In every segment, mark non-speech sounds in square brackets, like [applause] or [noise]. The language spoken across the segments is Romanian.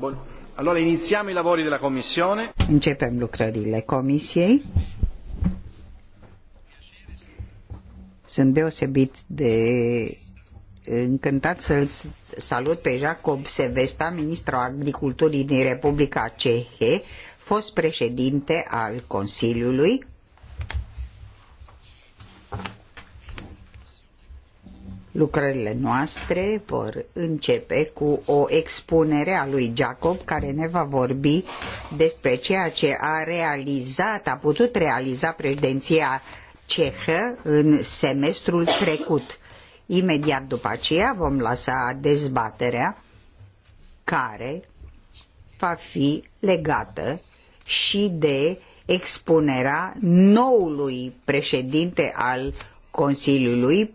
Bun. Allora iniziamo i lavori della Commissione. Începem lucrările Comisiei. Sunt deosebit de eh, încântat să-l salut pe Jacob Sevesta, ministrul agriculturii din Republica Cehe, fost președinte al Consiliului Lucrările noastre vor începe cu o expunere a lui Jacob care ne va vorbi despre ceea ce a realizat, a putut realiza președinția cehă în semestrul trecut. Imediat după aceea vom lăsa dezbaterea care va fi legată și de expunerea noului președinte al Consiliului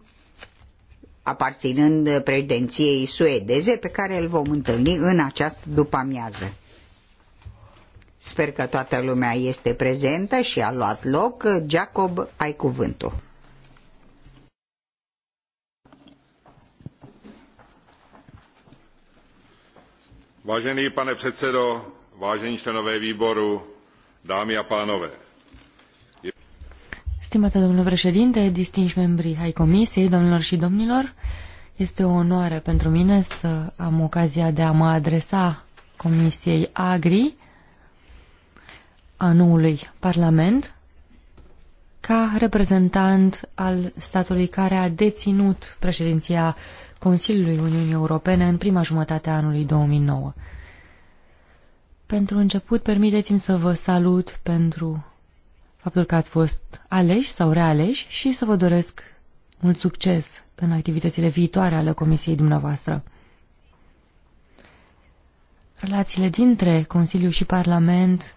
aparținând președinției suedeze pe care îl vom întâlni în această după-amiază. Sper că toată lumea este prezentă și a luat loc. Jacob, ai cuvântul. Vážený pane předsedo, vážení členové výboru, dámy a pánové. Stimate domnule președinte, distinși membrii ai comisiei, domnilor și domnilor, este o onoare pentru mine să am ocazia de a mă adresa Comisiei Agri a noului Parlament ca reprezentant al statului care a deținut președinția Consiliului Uniunii Europene în prima jumătate a anului 2009. Pentru început, permiteți-mi să vă salut pentru faptul că ați fost aleși sau realeși și să vă doresc mult succes în activitățile viitoare ale comisiei dumneavoastră. Relațiile dintre Consiliu și Parlament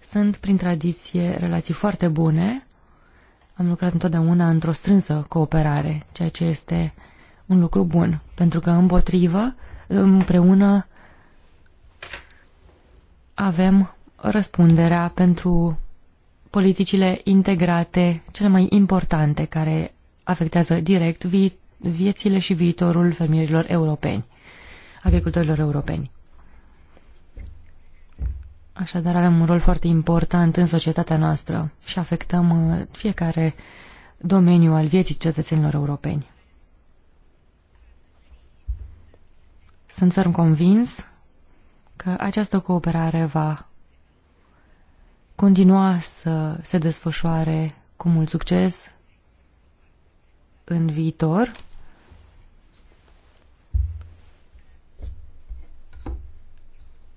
sunt, prin tradiție, relații foarte bune. Am lucrat întotdeauna într-o strânsă cooperare, ceea ce este un lucru bun, pentru că împotrivă, împreună avem răspunderea pentru politicile integrate cele mai importante care afectează direct vi viețile și viitorul fermierilor europeni, agricultorilor europeni. Așadar, avem un rol foarte important în societatea noastră și afectăm uh, fiecare domeniu al vieții cetățenilor europeni. Sunt ferm convins că această cooperare va continua să se desfășoare cu mult succes în viitor.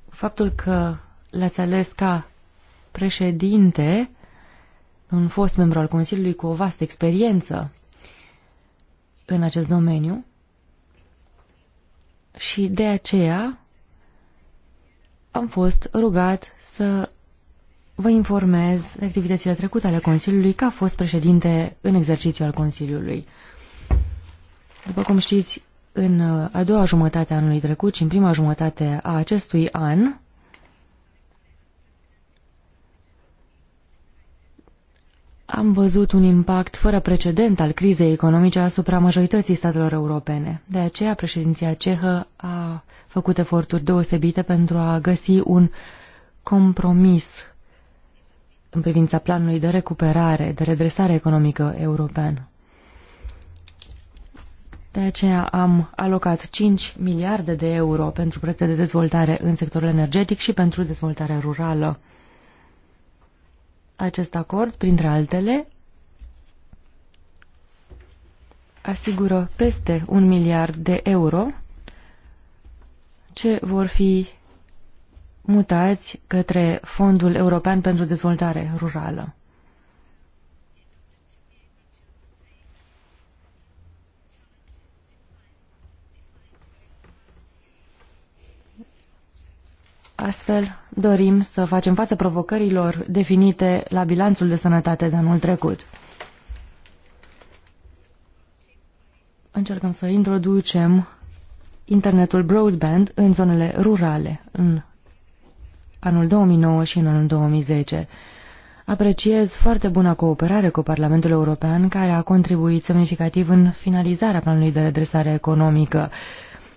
Faptul că l-ați ales ca președinte, un fost membru al Consiliului cu o vastă experiență în acest domeniu și de aceea am fost rugat să Vă informez activitățile trecute ale Consiliului că a fost președinte în exercițiu al Consiliului. După cum știți, în uh, a doua jumătate a anului trecut și în prima jumătate a acestui an, am văzut un impact fără precedent al crizei economice asupra majorității statelor europene. De aceea, președinția cehă a făcut eforturi deosebite pentru a găsi un compromis în privința planului de recuperare, de redresare economică europeană. De aceea am alocat 5 miliarde de euro pentru proiecte de dezvoltare în sectorul energetic și pentru dezvoltarea rurală. Acest acord, printre altele, asigură peste un miliard de euro ce vor fi mutați către Fondul European pentru Dezvoltare Rurală. Astfel, dorim să facem față provocărilor definite la bilanțul de sănătate de anul trecut. Încercăm să introducem internetul broadband în zonele rurale, în anul 2009 și în anul 2010. Apreciez foarte bună cooperare cu Parlamentul European, care a contribuit semnificativ în finalizarea planului de redresare economică.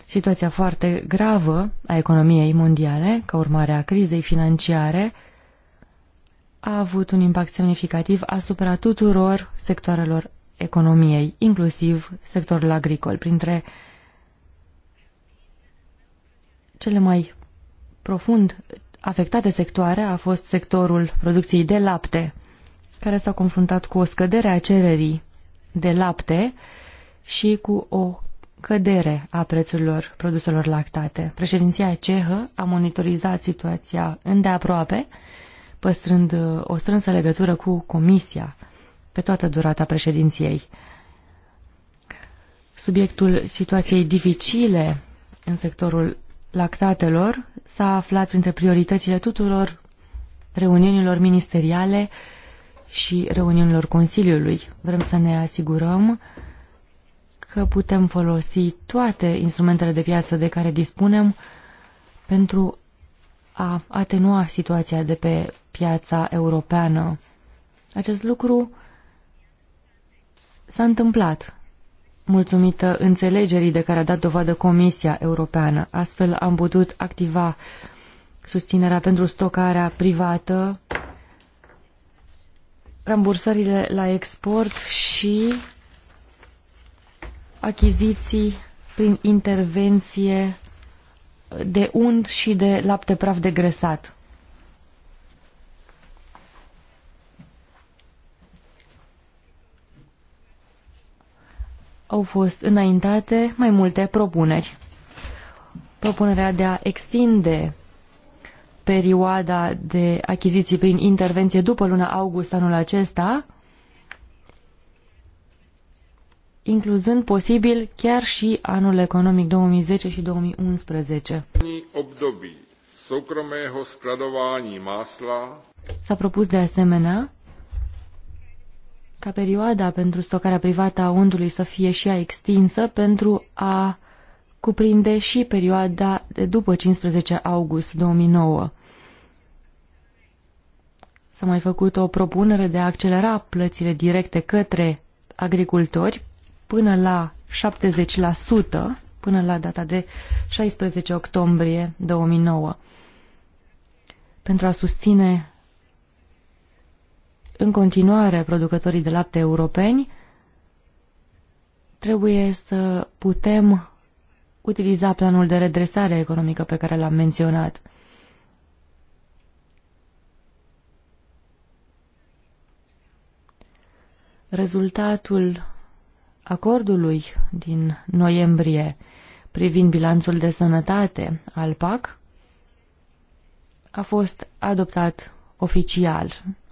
Situația foarte gravă a economiei mondiale, ca urmare a crizei financiare, a avut un impact semnificativ asupra tuturor sectoarelor economiei, inclusiv sectorul agricol, printre cele mai profund afectate sectoare a fost sectorul producției de lapte, care s-a confruntat cu o scădere a cererii de lapte și cu o cădere a prețurilor produselor lactate. Președinția cehă a monitorizat situația îndeaproape, păstrând uh, o strânsă legătură cu Comisia pe toată durata președinției. Subiectul situației dificile în sectorul lactatelor s-a aflat printre prioritățile tuturor reuniunilor ministeriale și reuniunilor Consiliului. Vrem să ne asigurăm că putem folosi toate instrumentele de piață de care dispunem pentru a atenua situația de pe piața europeană. Acest lucru s-a întâmplat mulțumită înțelegerii de care a dat dovadă Comisia Europeană. Astfel am putut activa susținerea pentru stocarea privată, rambursările la export și achiziții prin intervenție de unt și de lapte praf degresat. au fost înaintate mai multe propuneri. Propunerea de a extinde perioada de achiziții prin intervenție după luna august anul acesta, incluzând posibil chiar și anul economic 2010 și 2011. S-a propus de asemenea ca perioada pentru stocarea privată a undului să fie și ea extinsă pentru a cuprinde și perioada de după 15 august 2009. S-a mai făcut o propunere de a accelera plățile directe către agricultori până la 70%, până la data de 16 octombrie 2009, pentru a susține în continuare producătorii de lapte europeni, trebuie să putem utiliza planul de redresare economică pe care l-am menționat. Rezultatul acordului din noiembrie privind bilanțul de sănătate al PAC a fost adoptat oficial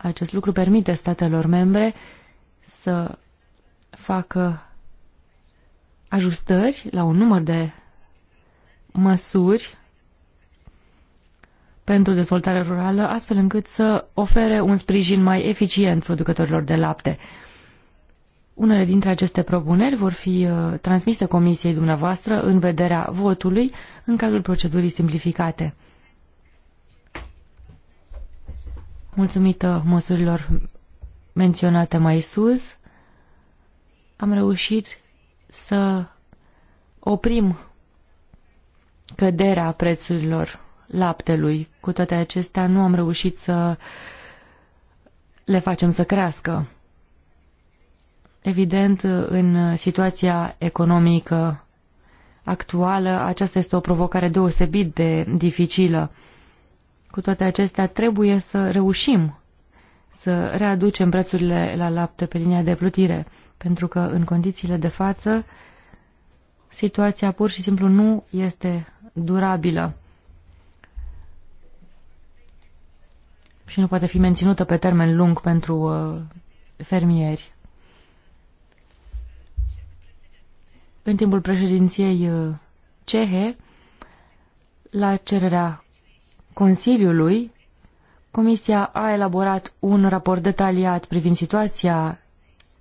acest lucru permite statelor membre să facă ajustări la un număr de măsuri pentru dezvoltarea rurală, astfel încât să ofere un sprijin mai eficient producătorilor de lapte. Unele dintre aceste propuneri vor fi uh, transmise Comisiei dumneavoastră în vederea votului în cadrul procedurii simplificate. mulțumită măsurilor menționate mai sus, am reușit să oprim căderea prețurilor laptelui. Cu toate acestea, nu am reușit să le facem să crească. Evident, în situația economică actuală, aceasta este o provocare deosebit de dificilă. Cu toate acestea, trebuie să reușim să readucem prețurile la lapte pe linia de plutire, pentru că în condițiile de față situația pur și simplu nu este durabilă și nu poate fi menținută pe termen lung pentru uh, fermieri. În timpul președinției uh, cehe, la cererea Consiliului, Comisia a elaborat un raport detaliat privind situația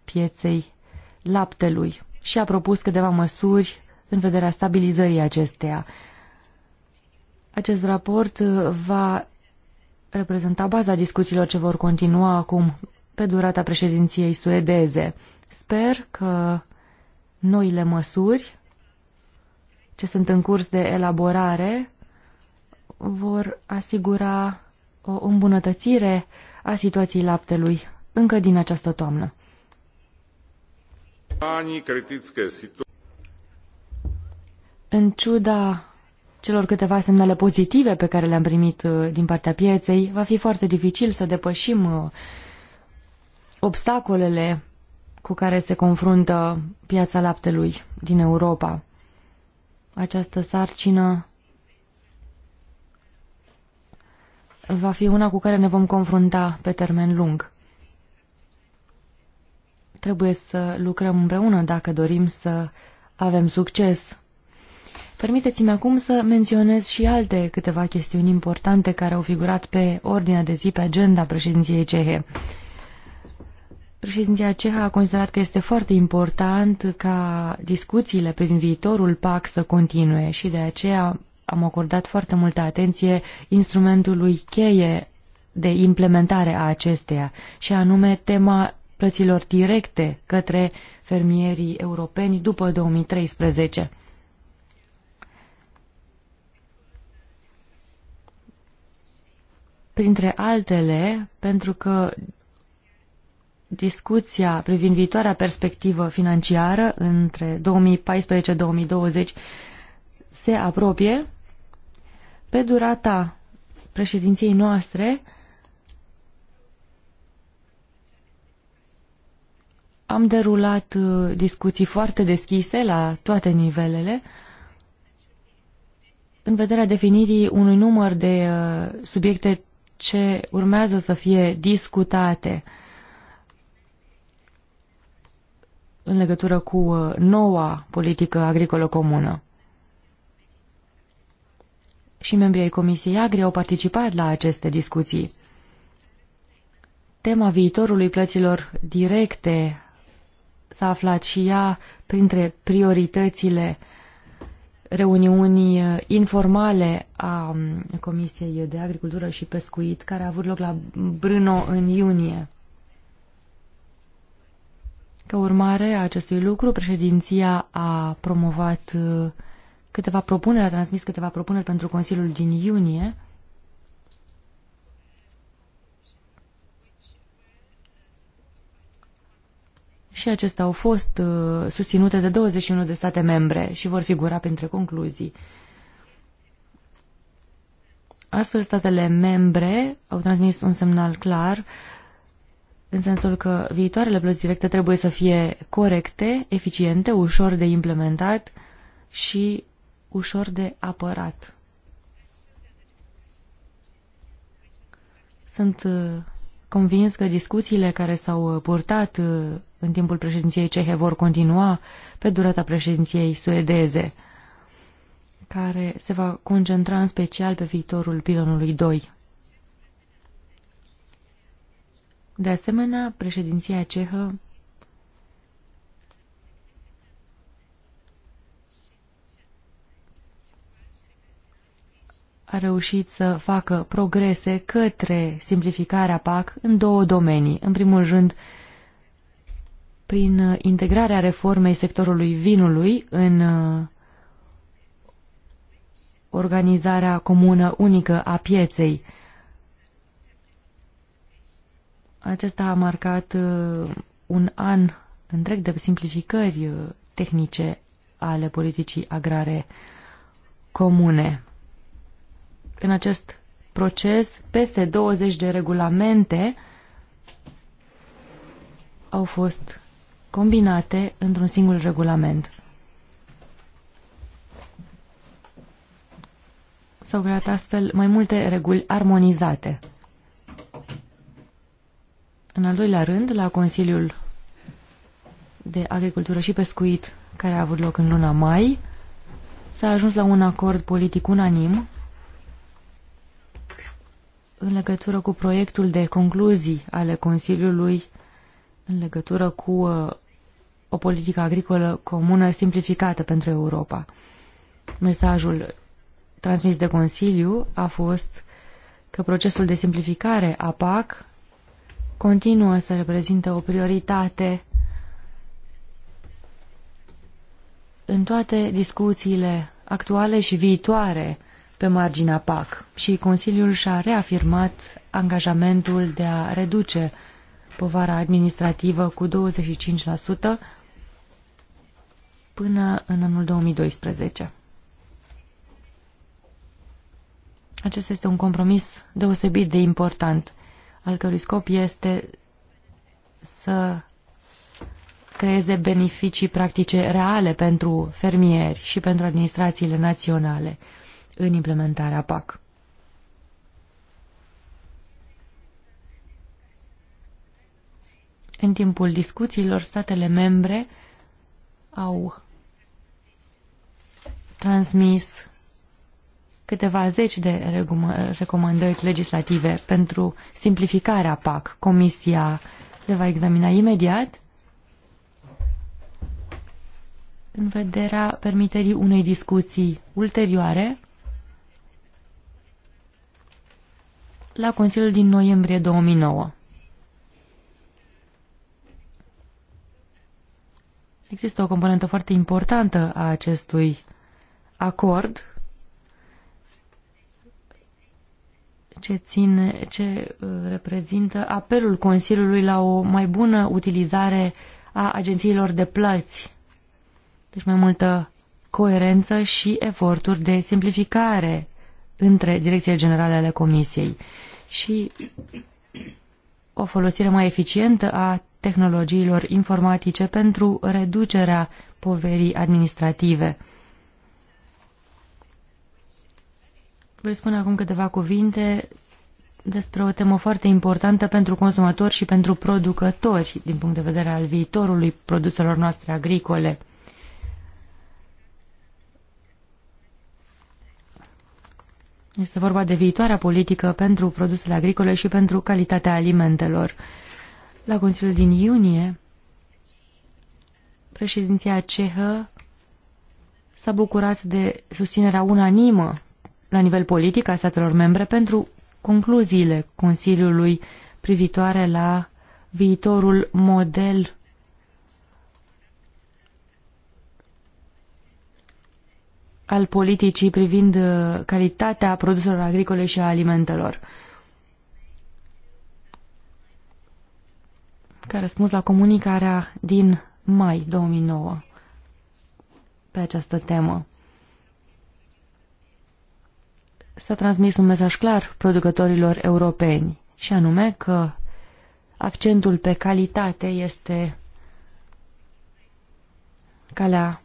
pieței laptelui și a propus câteva măsuri în vederea stabilizării acesteia. Acest raport uh, va reprezenta baza discuțiilor ce vor continua acum pe durata președinției suedeze. Sper că noile măsuri ce sunt în curs de elaborare vor asigura o îmbunătățire a situației laptelui încă din această toamnă. În ciuda celor câteva semnale pozitive pe care le-am primit uh, din partea pieței, va fi foarte dificil să depășim uh, obstacolele cu care se confruntă piața laptelui din Europa. Această sarcină va fi una cu care ne vom confrunta pe termen lung. Trebuie să lucrăm împreună dacă dorim să avem succes. Permiteți-mi acum să menționez și alte câteva chestiuni importante care au figurat pe ordinea de zi, pe agenda președinției cehe. Președinția cehă a considerat că este foarte important ca discuțiile privind viitorul PAC să continue și de aceea am acordat foarte multă atenție instrumentului cheie de implementare a acesteia, și anume tema plăților directe către fermierii europeni după 2013. Printre altele, pentru că discuția privind viitoarea perspectivă financiară între 2014-2020 se apropie, pe durata președinției noastre am derulat uh, discuții foarte deschise la toate nivelele în vederea definirii unui număr de uh, subiecte ce urmează să fie discutate în legătură cu uh, noua politică agricolă comună și membrii ai Comisiei Agri au participat la aceste discuții. Tema viitorului plăților directe s-a aflat și ea printre prioritățile reuniunii informale a Comisiei de Agricultură și Pescuit, care a avut loc la Brno în iunie. Ca urmare a acestui lucru, președinția a promovat câteva propuneri, a transmis câteva propuneri pentru Consiliul din iunie, și acestea au fost uh, susținute de 21 de state membre și vor figura printre concluzii. Astfel, statele membre au transmis un semnal clar în sensul că viitoarele plăți directe trebuie să fie corecte, eficiente, ușor de implementat și ușor de apărat. Sunt uh, convins că discuțiile care s-au uh, purtat uh, în timpul președinției cehe vor continua pe durata președinției suedeze, care se va concentra în special pe viitorul pilonului 2. De asemenea, președinția cehă a reușit să facă progrese către simplificarea PAC în două domenii. În primul rând, prin uh, integrarea reformei sectorului vinului în uh, organizarea comună unică a pieței. Acesta a marcat uh, un an întreg de simplificări tehnice ale politicii agrare comune în acest proces peste 20 de regulamente au fost combinate într-un singur regulament. S-au creat astfel mai multe reguli armonizate. În al doilea rând, la Consiliul de Agricultură și Pescuit, care a avut loc în luna mai, s-a ajuns la un acord politic unanim în legătură cu proiectul de concluzii ale Consiliului în legătură cu uh, o politică agricolă comună simplificată pentru Europa. Mesajul transmis de Consiliu a fost că procesul de simplificare a PAC continuă să reprezintă o prioritate în toate discuțiile actuale și viitoare pe marginea PAC și Consiliul și-a reafirmat angajamentul de a reduce povara administrativă cu 25% până în anul 2012. Acesta este un compromis deosebit de important, al cărui scop este să creeze beneficii practice reale pentru fermieri și pentru administrațiile naționale în implementarea PAC. În timpul discuțiilor, statele membre au transmis câteva zeci de recomandări legislative pentru simplificarea PAC. Comisia le va examina imediat în vederea permiterii unei discuții ulterioare la Consiliul din noiembrie 2009. Există o componentă foarte importantă a acestui acord ce, ține, ce uh, reprezintă apelul Consiliului la o mai bună utilizare a agențiilor de plăți. Deci mai multă coerență și eforturi de simplificare între direcțiile generale ale Comisiei și o folosire mai eficientă a tehnologiilor informatice pentru reducerea poverii administrative. Vă spun acum câteva cuvinte despre o temă foarte importantă pentru consumatori și pentru producători din punct de vedere al viitorului produselor noastre agricole – Este vorba de viitoarea politică pentru produsele agricole și pentru calitatea alimentelor. La Consiliul din iunie, președinția cehă s-a bucurat de susținerea unanimă la nivel politic a statelor membre pentru concluziile Consiliului privitoare la viitorul model al politicii privind uh, calitatea produselor agricole și a alimentelor. Ca răspuns la comunicarea din mai 2009 pe această temă. S-a transmis un mesaj clar producătorilor europeni și anume că accentul pe calitate este calea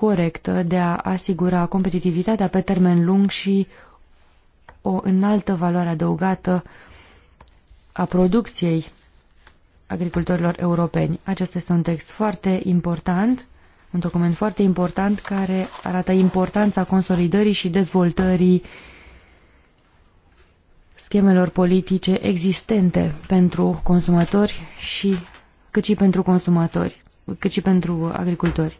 corectă de a asigura competitivitatea pe termen lung și o înaltă valoare adăugată a producției agricultorilor europeni. Acesta este un text foarte important, un document foarte important care arată importanța consolidării și dezvoltării schemelor politice existente pentru consumatori și cât și pentru consumatori, cât și pentru agricultori.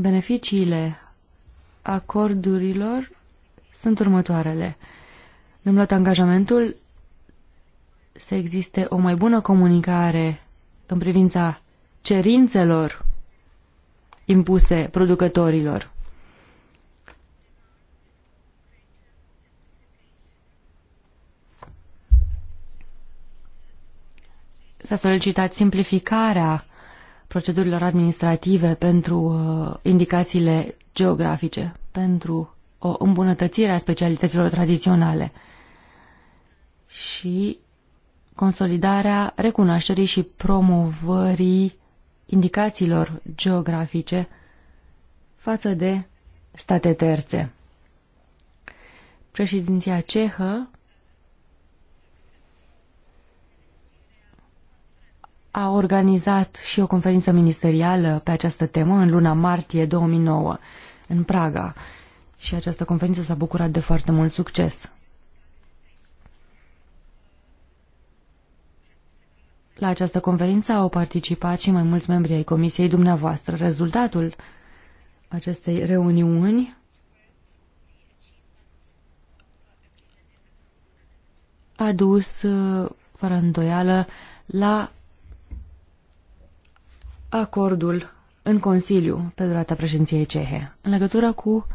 beneficiile acordurilor sunt următoarele. Ne-am luat angajamentul să existe o mai bună comunicare în privința cerințelor impuse producătorilor. S-a solicitat simplificarea procedurilor administrative pentru uh, indicațiile geografice, pentru o îmbunătățire a specialităților tradiționale și consolidarea recunoașterii și promovării indicațiilor geografice față de state terțe. Președinția cehă a organizat și o conferință ministerială pe această temă în luna martie 2009 în Praga și această conferință s-a bucurat de foarte mult succes. La această conferință au participat și mai mulți membri ai comisiei dumneavoastră. Rezultatul acestei reuniuni a dus, fără îndoială, la acordul în Consiliu pe durata președinției cehe în legătură cu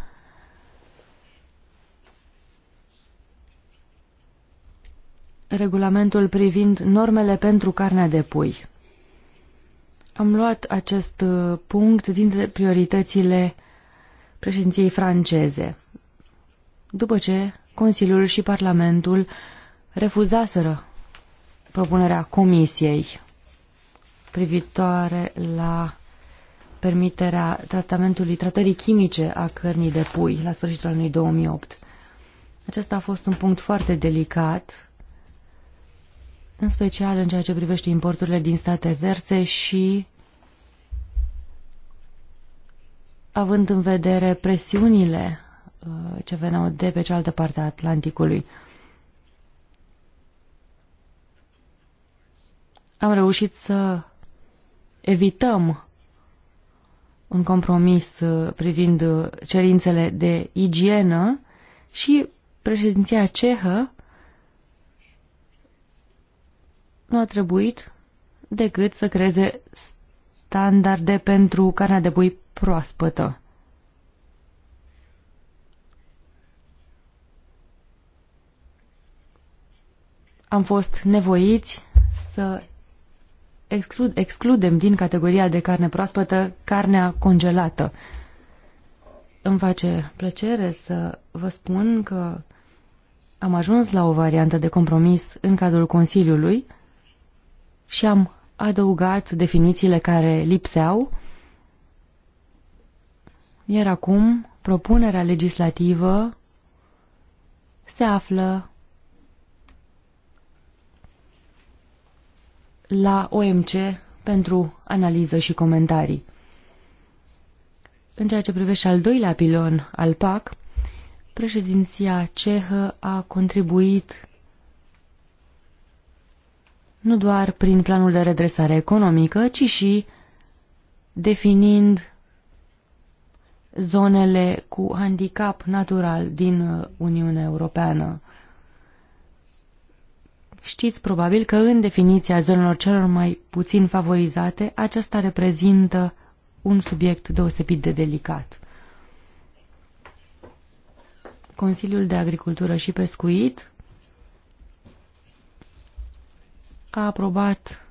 regulamentul privind normele pentru carnea de pui. Am luat acest uh, punct dintre prioritățile președinției franceze, după ce Consiliul și Parlamentul refuzaseră propunerea Comisiei privitoare la permiterea tratamentului, tratării chimice a cărnii de pui la sfârșitul anului 2008. Acesta a fost un punct foarte delicat, în special în ceea ce privește importurile din state terțe și având în vedere presiunile uh, ce veneau de pe cealaltă parte a Atlanticului. Am reușit să evităm un compromis uh, privind uh, cerințele de igienă și președinția cehă nu a trebuit decât să creeze standarde pentru carnea de pui proaspătă. Am fost nevoiți să exclud, excludem din categoria de carne proaspătă carnea congelată. Îmi face plăcere să vă spun că am ajuns la o variantă de compromis în cadrul Consiliului și am adăugat definițiile care lipseau, iar acum propunerea legislativă se află la OMC pentru analiză și comentarii. În ceea ce privește al doilea pilon al PAC, președinția cehă a contribuit nu doar prin planul de redresare economică, ci și definind zonele cu handicap natural din Uniunea Europeană. Știți probabil că în definiția zonelor celor mai puțin favorizate, aceasta reprezintă un subiect deosebit de delicat. Consiliul de Agricultură și Pescuit a aprobat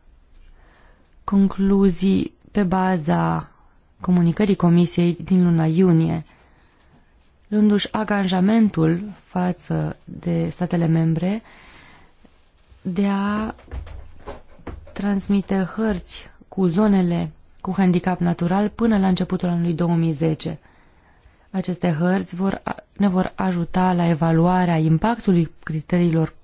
concluzii pe baza comunicării Comisiei din luna iunie, luându-și angajamentul față de statele membre de a transmite hărți cu zonele cu handicap natural până la începutul anului 2010. Aceste hărți vor, ne vor ajuta la evaluarea impactului criteriilor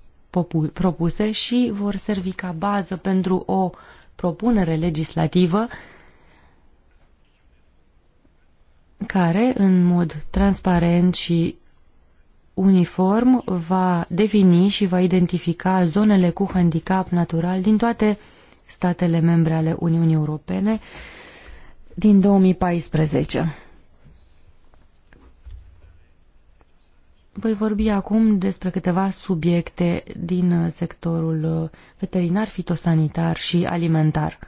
propuse și vor servi ca bază pentru o propunere legislativă care, în mod transparent și uniform va defini și va identifica zonele cu handicap natural din toate statele membre ale Uniunii Europene din 2014. Voi vorbi acum despre câteva subiecte din sectorul veterinar, fitosanitar și alimentar.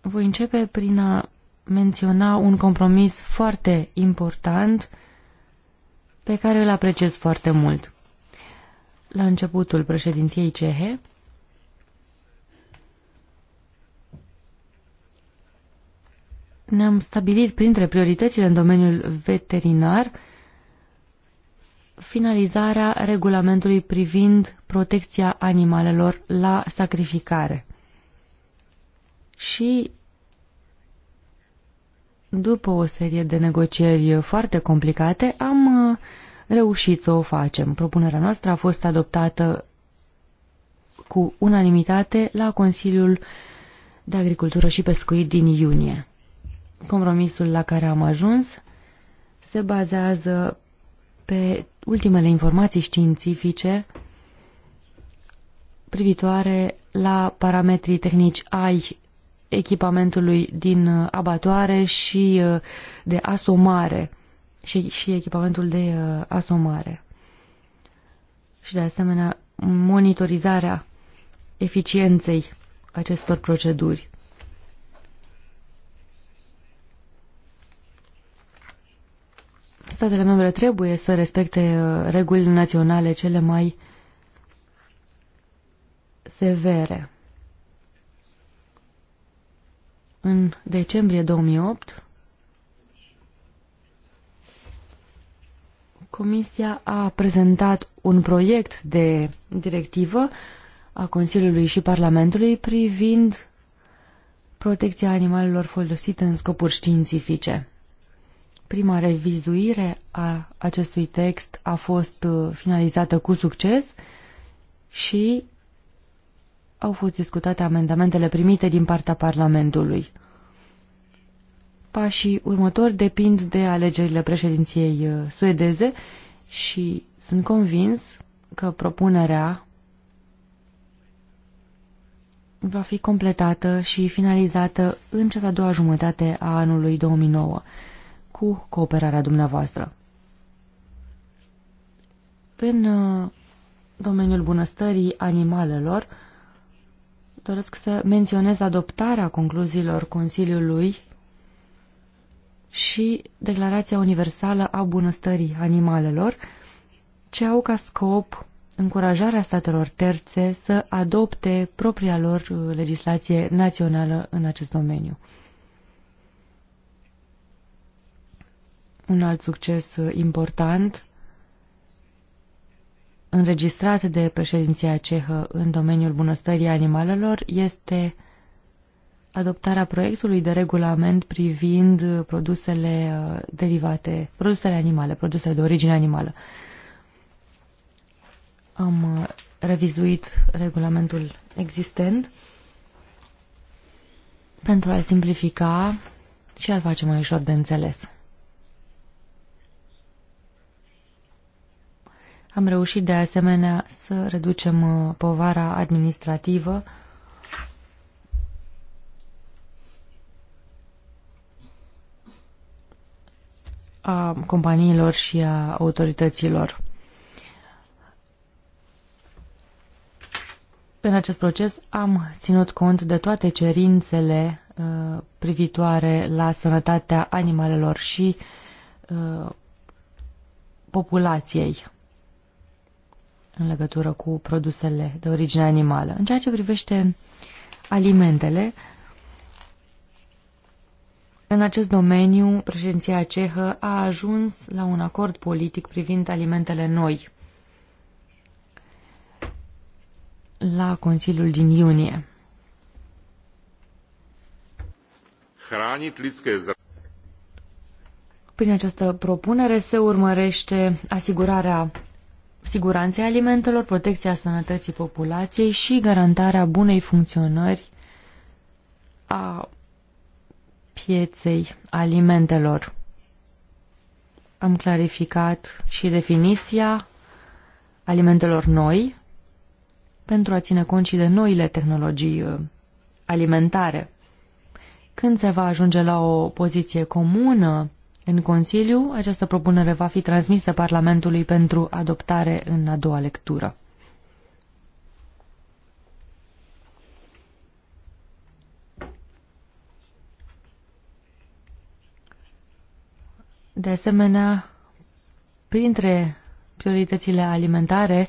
Voi începe prin a menționa un compromis foarte important pe care îl apreciez foarte mult. La începutul președinției cehe, ne-am stabilit printre prioritățile în domeniul veterinar finalizarea regulamentului privind protecția animalelor la sacrificare. Și după o serie de negocieri foarte complicate, am reușit să o facem. Propunerea noastră a fost adoptată cu unanimitate la Consiliul de Agricultură și Pescuit din iunie. Compromisul la care am ajuns se bazează pe ultimele informații științifice privitoare la parametrii tehnici ai echipamentului din abatoare și uh, de asomare și, și echipamentul de uh, asomare. Și de asemenea monitorizarea eficienței acestor proceduri. Statele membre trebuie să respecte uh, reguli naționale cele mai severe. În decembrie 2008, Comisia a prezentat un proiect de directivă a Consiliului și Parlamentului privind protecția animalelor folosite în scopuri științifice. Prima revizuire a acestui text a fost uh, finalizată cu succes și au fost discutate amendamentele primite din partea Parlamentului. Pașii următori depind de alegerile președinției uh, suedeze și sunt convins că propunerea va fi completată și finalizată în cea de-a doua jumătate a anului 2009 cu cooperarea dumneavoastră. În uh, domeniul bunăstării animalelor, doresc să menționez adoptarea concluziilor Consiliului și Declarația Universală a Bunăstării Animalelor, ce au ca scop încurajarea statelor terțe să adopte propria lor uh, legislație națională în acest domeniu. Un alt succes uh, important înregistrat de președinția cehă în domeniul bunăstării animalelor este adoptarea proiectului de regulament privind uh, produsele uh, derivate, produsele animale, produsele de origine animală. Am uh, revizuit regulamentul existent pentru a-l simplifica și a-l face mai ușor de înțeles. Am reușit de asemenea să reducem povara administrativă a companiilor și a autorităților. În acest proces am ținut cont de toate cerințele uh, privitoare la sănătatea animalelor și uh, populației în legătură cu produsele de origine animală. În ceea ce privește alimentele, în acest domeniu, președinția cehă a ajuns la un acord politic privind alimentele noi la Consiliul din iunie. Prin această propunere se urmărește asigurarea siguranței alimentelor, protecția sănătății populației și garantarea bunei funcționări a pieței alimentelor. Am clarificat și definiția alimentelor noi pentru a ține cont și de noile tehnologii uh, alimentare. Când se va ajunge la o poziție comună în Consiliu, această propunere va fi transmisă Parlamentului pentru adoptare în a doua lectură. De asemenea, printre prioritățile alimentare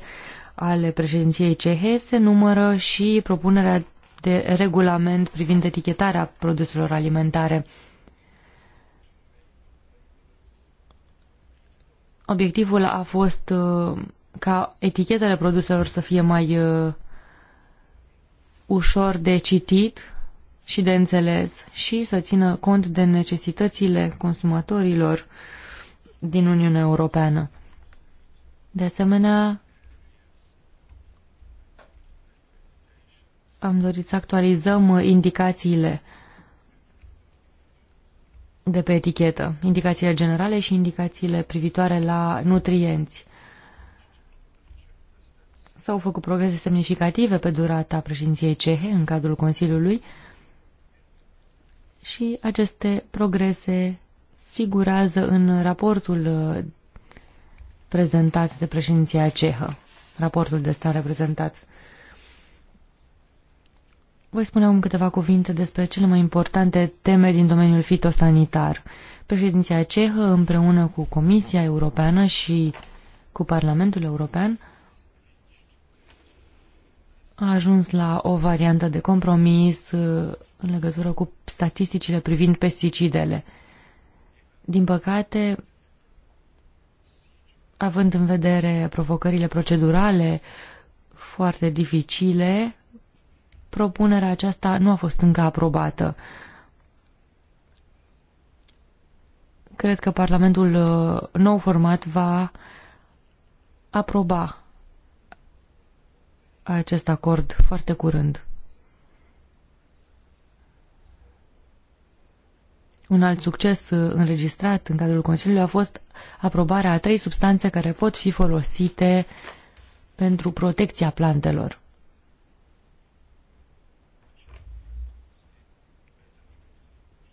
ale președinției cehe se numără și propunerea de regulament privind etichetarea produselor alimentare. Obiectivul a fost uh, ca etichetele produselor să fie mai uh, ușor de citit și de înțeles și să țină cont de necesitățile consumatorilor din Uniunea Europeană. De asemenea, am dorit să actualizăm indicațiile de pe etichetă, indicațiile generale și indicațiile privitoare la nutrienți. S-au făcut progrese semnificative pe durata președinției cehe în cadrul Consiliului, și aceste progrese figurează în raportul uh, prezentat de președinția cehă, raportul de stare prezentat. Voi spune acum câteva cuvinte despre cele mai importante teme din domeniul fitosanitar. Președinția cehă, împreună cu Comisia Europeană și cu Parlamentul European, a ajuns la o variantă de compromis uh, în legătură cu statisticile privind pesticidele. Din păcate, având în vedere provocările procedurale foarte dificile, propunerea aceasta nu a fost încă aprobată. Cred că Parlamentul uh, nou format va aproba acest acord foarte curând. Un alt succes uh, înregistrat în cadrul Consiliului a fost aprobarea a trei substanțe care pot fi folosite pentru protecția plantelor.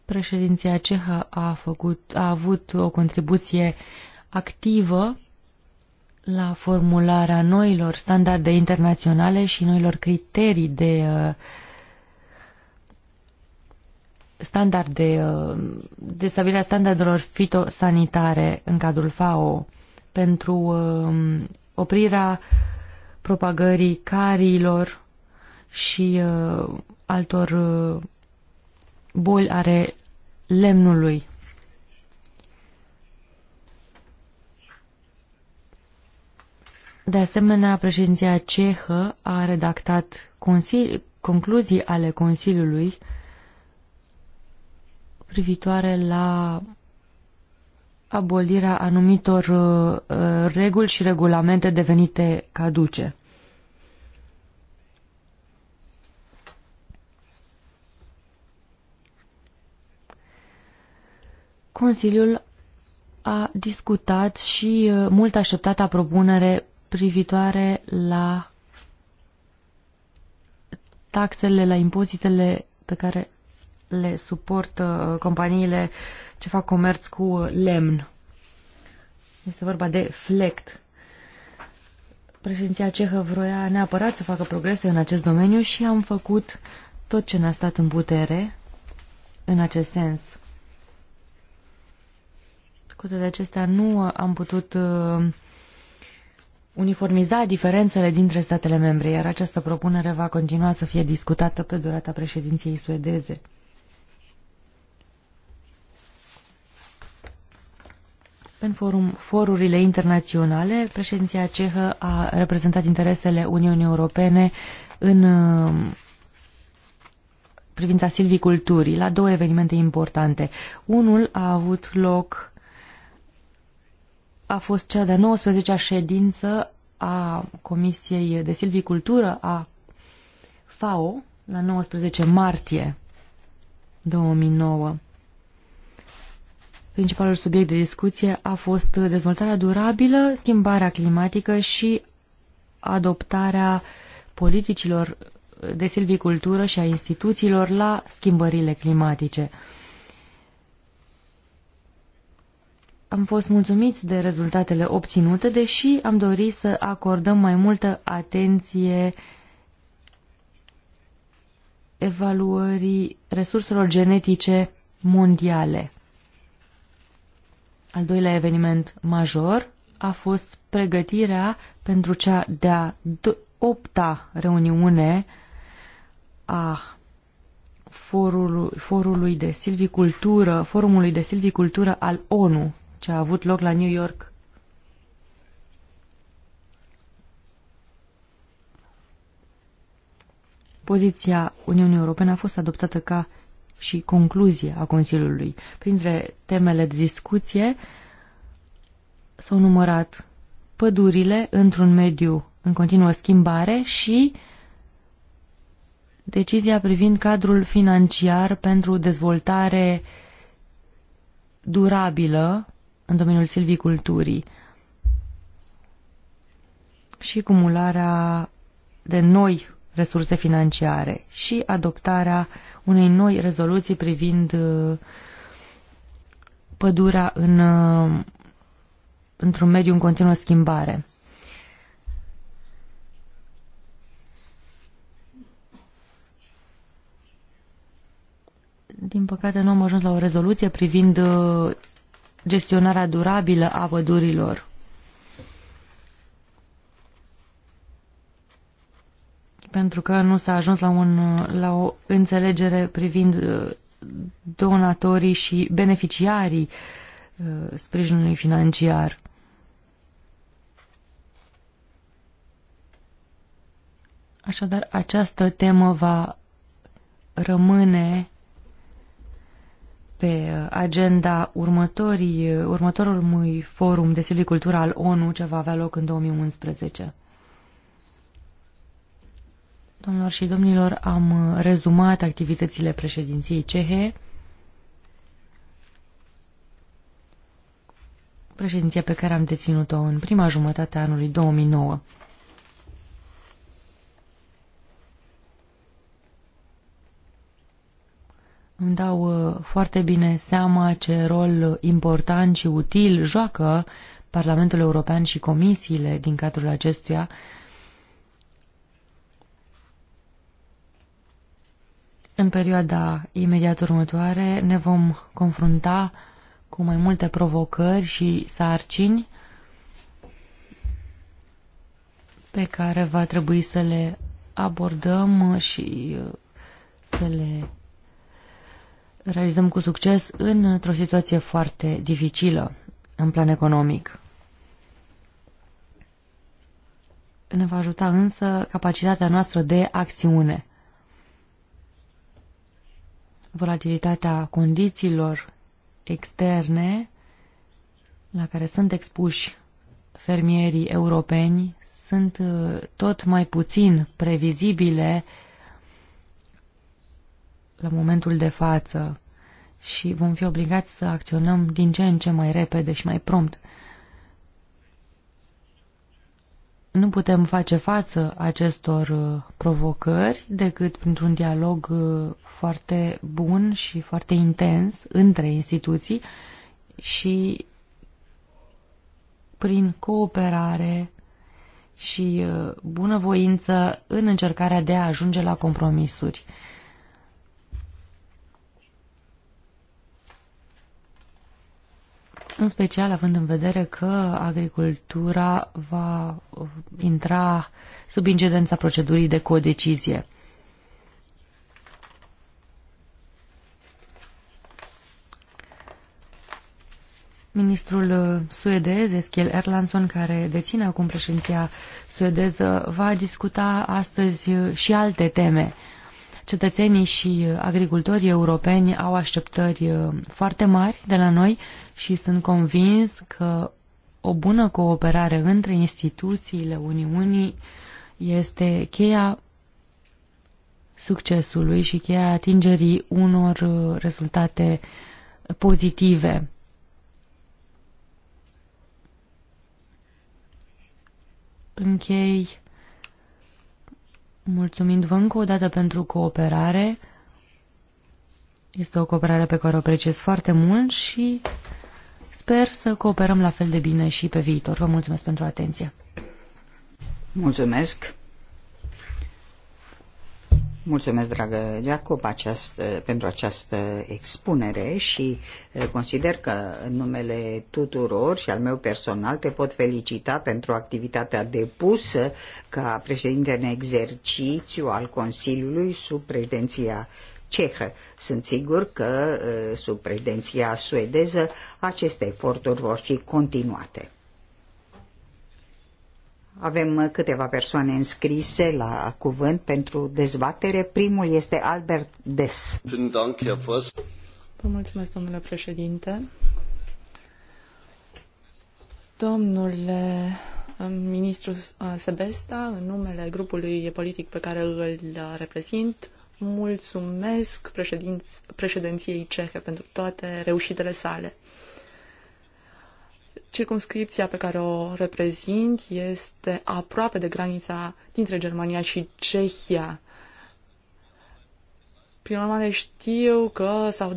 Președinția cehă a, făcut, a avut o contribuție activă la formularea noilor standarde internaționale și noilor criterii de uh, standarde uh, de stabilirea standardelor fitosanitare în cadrul FAO pentru uh, oprirea propagării carilor și altor boli are lemnului. De asemenea, președinția cehă a redactat concluzii ale Consiliului privitoare la abolirea anumitor uh, reguli și regulamente devenite caduce. Consiliul a discutat și uh, mult așteptata propunere privitoare la taxele, la impozitele pe care le suportă uh, companiile ce fac comerț cu uh, lemn. Este vorba de FLECT. Președinția cehă vroia neapărat să facă progrese în acest domeniu și am făcut tot ce ne-a stat în putere în acest sens. Cu toate acestea, nu am putut uh, uniformiza diferențele dintre statele membre, iar această propunere va continua să fie discutată pe durata președinției suedeze. În forum, forurile internaționale, președinția cehă a reprezentat interesele Uniunii Europene în um, privința silviculturii la două evenimente importante. Unul a avut loc a fost cea de-a 19-a ședință a Comisiei de Silvicultură a FAO la 19 martie 2009. Principalul subiect de discuție a fost dezvoltarea durabilă, schimbarea climatică și adoptarea politicilor de silvicultură și a instituțiilor la schimbările climatice. am fost mulțumiți de rezultatele obținute, deși am dorit să acordăm mai multă atenție evaluării resurselor genetice mondiale. Al doilea eveniment major a fost pregătirea pentru cea de-a opta reuniune a forului, forului de silvicultură, forumului de silvicultură al ONU ce a avut loc la New York. Poziția Uniunii Europene a fost adoptată ca și concluzie a Consiliului. Printre temele de discuție s-au numărat pădurile într-un mediu în continuă schimbare și decizia privind cadrul financiar pentru dezvoltare durabilă în domeniul silviculturii și cumularea de noi resurse financiare și adoptarea unei noi rezoluții privind uh, pădurea în, uh, într-un mediu în continuă schimbare. Din păcate nu am ajuns la o rezoluție privind uh, gestionarea durabilă a pădurilor. Pentru că nu s-a ajuns la, un, la o înțelegere privind uh, donatorii și beneficiarii uh, sprijinului financiar. Așadar, această temă va rămâne pe agenda următorii, următorului forum de silvicultură al ONU ce va avea loc în 2011. Domnilor și domnilor, am rezumat activitățile președinției cehe. Președinția pe care am deținut-o în prima jumătate a anului 2009. Îmi dau uh, foarte bine seama ce rol important și util joacă Parlamentul European și comisiile din cadrul acestuia În perioada imediat următoare ne vom confrunta cu mai multe provocări și sarcini pe care va trebui să le abordăm și uh, să le realizăm cu succes într-o situație foarte dificilă în plan economic. Ne va ajuta însă capacitatea noastră de acțiune. Volatilitatea condițiilor externe la care sunt expuși fermierii europeni sunt uh, tot mai puțin previzibile uh, la momentul de față și vom fi obligați să acționăm din ce în ce mai repede și mai prompt. Nu putem face față acestor uh, provocări decât printr-un dialog uh, foarte bun și foarte intens între instituții și prin cooperare și uh, bunăvoință în încercarea de a ajunge la compromisuri. în special având în vedere că agricultura va intra sub incidența procedurii de codecizie. Ministrul suedez, Eskiel Erlandson, care deține acum președinția suedeză, va discuta astăzi și alte teme. Cetățenii și agricultorii europeni au așteptări foarte mari de la noi și sunt convins că o bună cooperare între instituțiile Uniunii este cheia succesului și cheia atingerii unor uh, rezultate pozitive. Închei mulțumindu-vă încă o dată pentru cooperare. Este o cooperare pe care o apreciez foarte mult și Sper să cooperăm la fel de bine și pe viitor. Vă mulțumesc pentru atenție. Mulțumesc. Mulțumesc, dragă Iacob, aceast, pentru această expunere și eh, consider că în numele tuturor și al meu personal te pot felicita pentru activitatea depusă ca președinte în exercițiu al Consiliului sub președinția cehă. Sunt sigur că, ă, sub prezidenția suedeză, aceste eforturi vor fi continuate. Avem ă, câteva persoane înscrise la cuvânt pentru dezbatere. Primul este Albert Des. Vă mulțumesc, domnule președinte. Domnule ă, ministru Sebesta, în numele grupului politic pe care îl reprezint, mulțumesc președinției cehe pentru toate reușitele sale. Circumscripția pe care o reprezint este aproape de granița dintre Germania și Cehia. Prin urmare, știu că s-au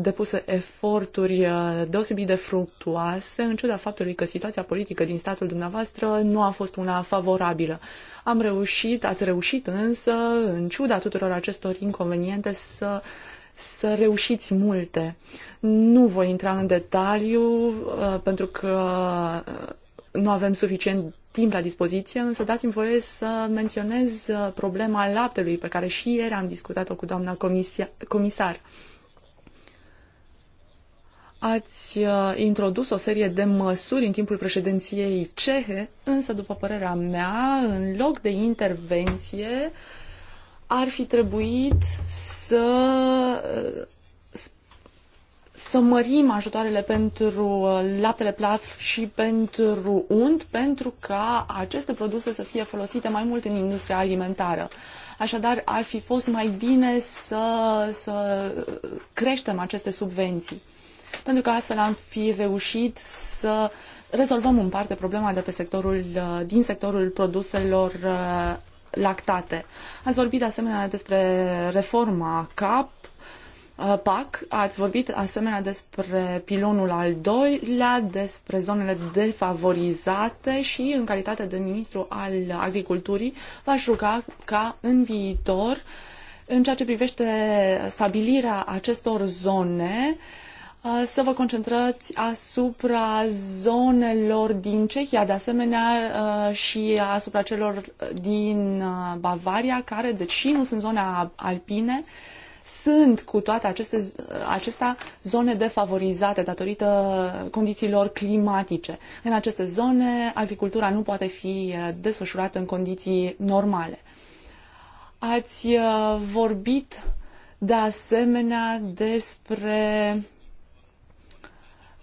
depus eforturi uh, deosebit de fructuoase, în ciuda faptului că situația politică din statul dumneavoastră nu a fost una favorabilă. Am reușit, ați reușit însă, în ciuda tuturor acestor inconveniente, să să reușiți multe. Nu voi intra în detaliu uh, pentru că uh, nu avem suficient timp la dispoziție, însă dați-mi voie să menționez uh, problema laptelui pe care și ieri am discutat-o cu doamna comisia, comisar. Ați uh, introdus o serie de măsuri în timpul președinției cehe, însă, după părerea mea, în loc de intervenție, ar fi trebuit să uh, să mărim ajutoarele pentru uh, laptele plaf și pentru unt, pentru ca aceste produse să fie folosite mai mult în industria alimentară. Așadar, ar fi fost mai bine să, să creștem aceste subvenții, pentru că astfel am fi reușit să rezolvăm în parte problema de pe sectorul, uh, din sectorul produselor uh, lactate. Ați vorbit de asemenea despre reforma CAP, Uh, PAC, ați vorbit asemenea despre pilonul al doilea, despre zonele defavorizate și în calitate de ministru al agriculturii v-aș ruga ca în viitor, în ceea ce privește stabilirea acestor zone, uh, să vă concentrați asupra zonelor din Cehia, de asemenea uh, și asupra celor din Bavaria, care, deși deci nu sunt zone alpine, sunt cu toate aceste, acestea zone defavorizate datorită condițiilor climatice. În aceste zone, agricultura nu poate fi uh, desfășurată în condiții normale. Ați uh, vorbit de asemenea despre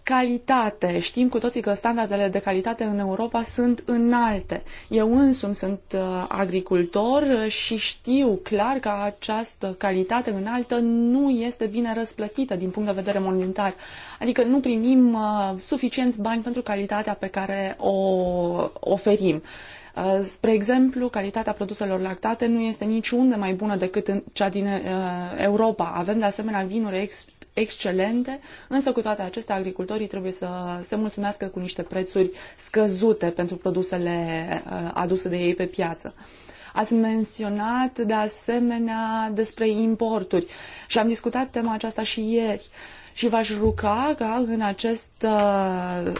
calitate. Știm cu toții că standardele de calitate în Europa sunt înalte. Eu însumi sunt uh, agricultor uh, și știu clar că această calitate înaltă nu este bine răsplătită din punct de vedere monetar. Adică nu primim uh, suficienți bani pentru calitatea pe care o oferim. Spre exemplu, calitatea produselor lactate nu este niciunde mai bună decât în cea din Europa. Avem de asemenea vinuri ex- excelente, însă cu toate acestea agricultorii trebuie să se mulțumească cu niște prețuri scăzute pentru produsele uh, aduse de ei pe piață. Ați menționat de asemenea despre importuri și am discutat tema aceasta și ieri. Uh, și v-aș ruca ca în acest, uh,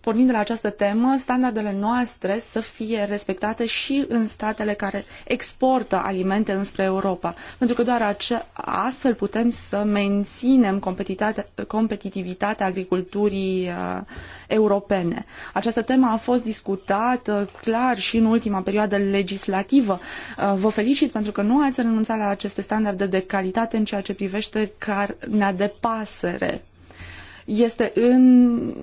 pornind de la această temă, standardele noastre să fie respectate și în statele care exportă alimente înspre Europa. Pentru că doar ace- astfel putem să menținem competitivitatea agriculturii uh, europene. Această temă a fost discutată clar și în ultima perioadă legislativă. Uh, vă felicit pentru că nu ați renunțat la aceste standarde de calitate în ceea ce privește care ne depase cerere. Este, în,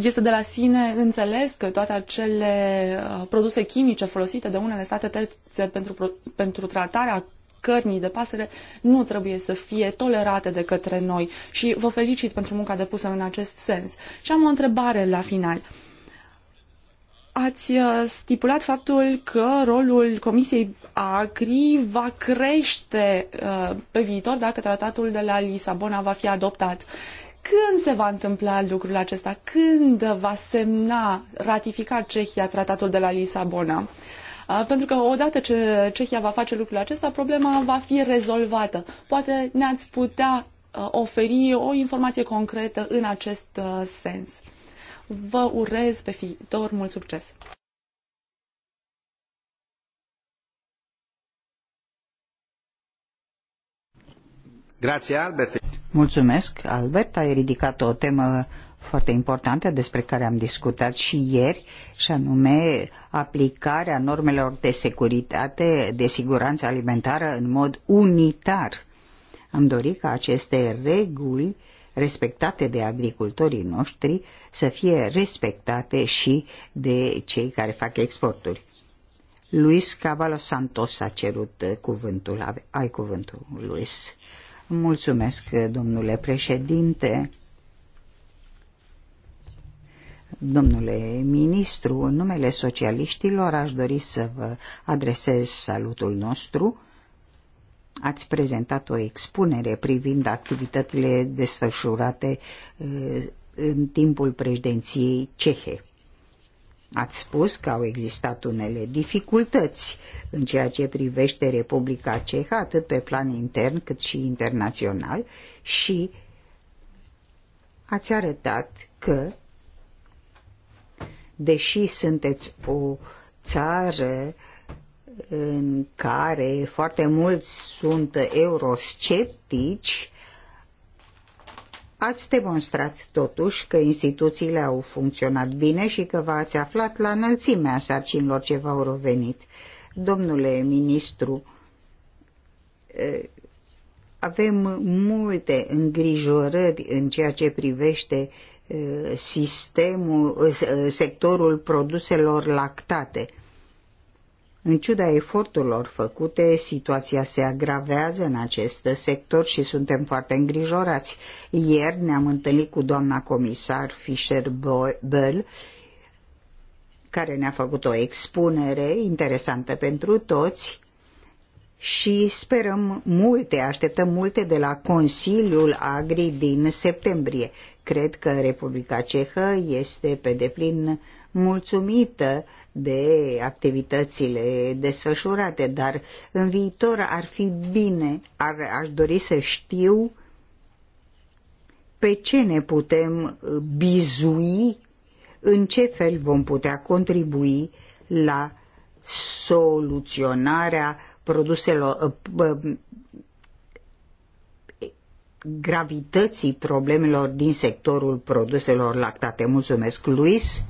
este de la sine înțeles că toate acele uh, produse chimice folosite de unele state terțe pentru, pentru tratarea cărnii de pasăre nu trebuie să fie tolerate de către noi și vă felicit pentru munca depusă în acest sens. Și am o întrebare la final. Uh, ați uh, stipulat faptul că rolul Comisiei Agri va crește uh, pe viitor dacă tratatul de la Lisabona va fi adoptat. Când se va întâmpla lucrul acesta? Când va semna, ratifica Cehia tratatul de la Lisabona? Uh, pentru că odată ce Cehia va face lucrul acesta, problema va fi rezolvată. Poate ne-ați putea oferi o informație concretă în acest sens. Vă urez pe viitor mult succes! Grazie, Albert. Mulțumesc, Albert. Ai ridicat o temă foarte importantă despre care am discutat și ieri, și anume aplicarea normelor de securitate, de siguranță alimentară în mod unitar. Am dorit ca aceste reguli respectate de agricultorii noștri să fie respectate și de cei care fac exporturi. Luis Cavallo Santos a cerut uh, cuvântul. Ai cuvântul, Luis. Mulțumesc, uh, domnule președinte. Domnule ministru, în numele socialiștilor aș dori să vă adresez salutul nostru ați prezentat o expunere privind activitățile desfășurate uh, în timpul președinției cehe. Ați spus că au existat unele dificultăți în ceea ce privește Republica Cehă, atât pe plan intern cât și internațional, și ați arătat că, deși sunteți o țară uh, în care foarte mulți sunt eurosceptici, ați demonstrat totuși că instituțiile au funcționat bine și că v-ați aflat la înălțimea sarcinilor ce v-au revenit. Domnule ministru, avem multe îngrijorări în ceea ce privește sistemul, sectorul produselor lactate – în ciuda eforturilor făcute, situația se agravează în acest sector și suntem foarte îngrijorați. Ieri ne-am întâlnit cu doamna comisar Fischer Böll, care ne-a făcut o expunere interesantă pentru toți și sperăm multe, așteptăm multe de la Consiliul Agri din septembrie. Cred că Republica Cehă este pe deplin mulțumită de activitățile desfășurate, dar în viitor ar fi bine, ar, aș dori să știu pe ce ne putem bizui, în ce fel vom putea contribui la soluționarea produselor, ă, gravității problemelor din sectorul produselor lactate. Mulțumesc, Luis.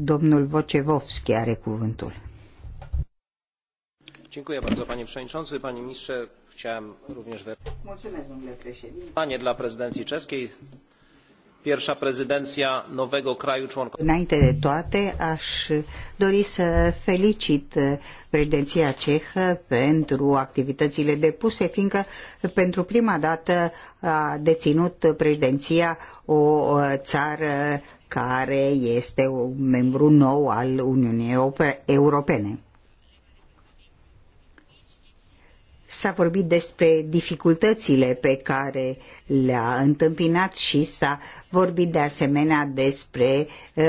Domnul Wojciechowski are cuvântul. Dziękuję bardzo, panie przewodniczący, panie ministrze. Chciałem również wyrazić dla prezydencji czeskiej. Pierwsza prezydencja nowego kraju członkowskiego. Înainte de toate, aș dori să felicit prezidenția cehă pentru activitățile depuse, fiindcă pentru prima dată a deținut prezidenția o țară care este un membru nou al Uniunii Europene. S-a vorbit despre dificultățile pe care le-a întâmpinat și s-a vorbit de asemenea despre eh,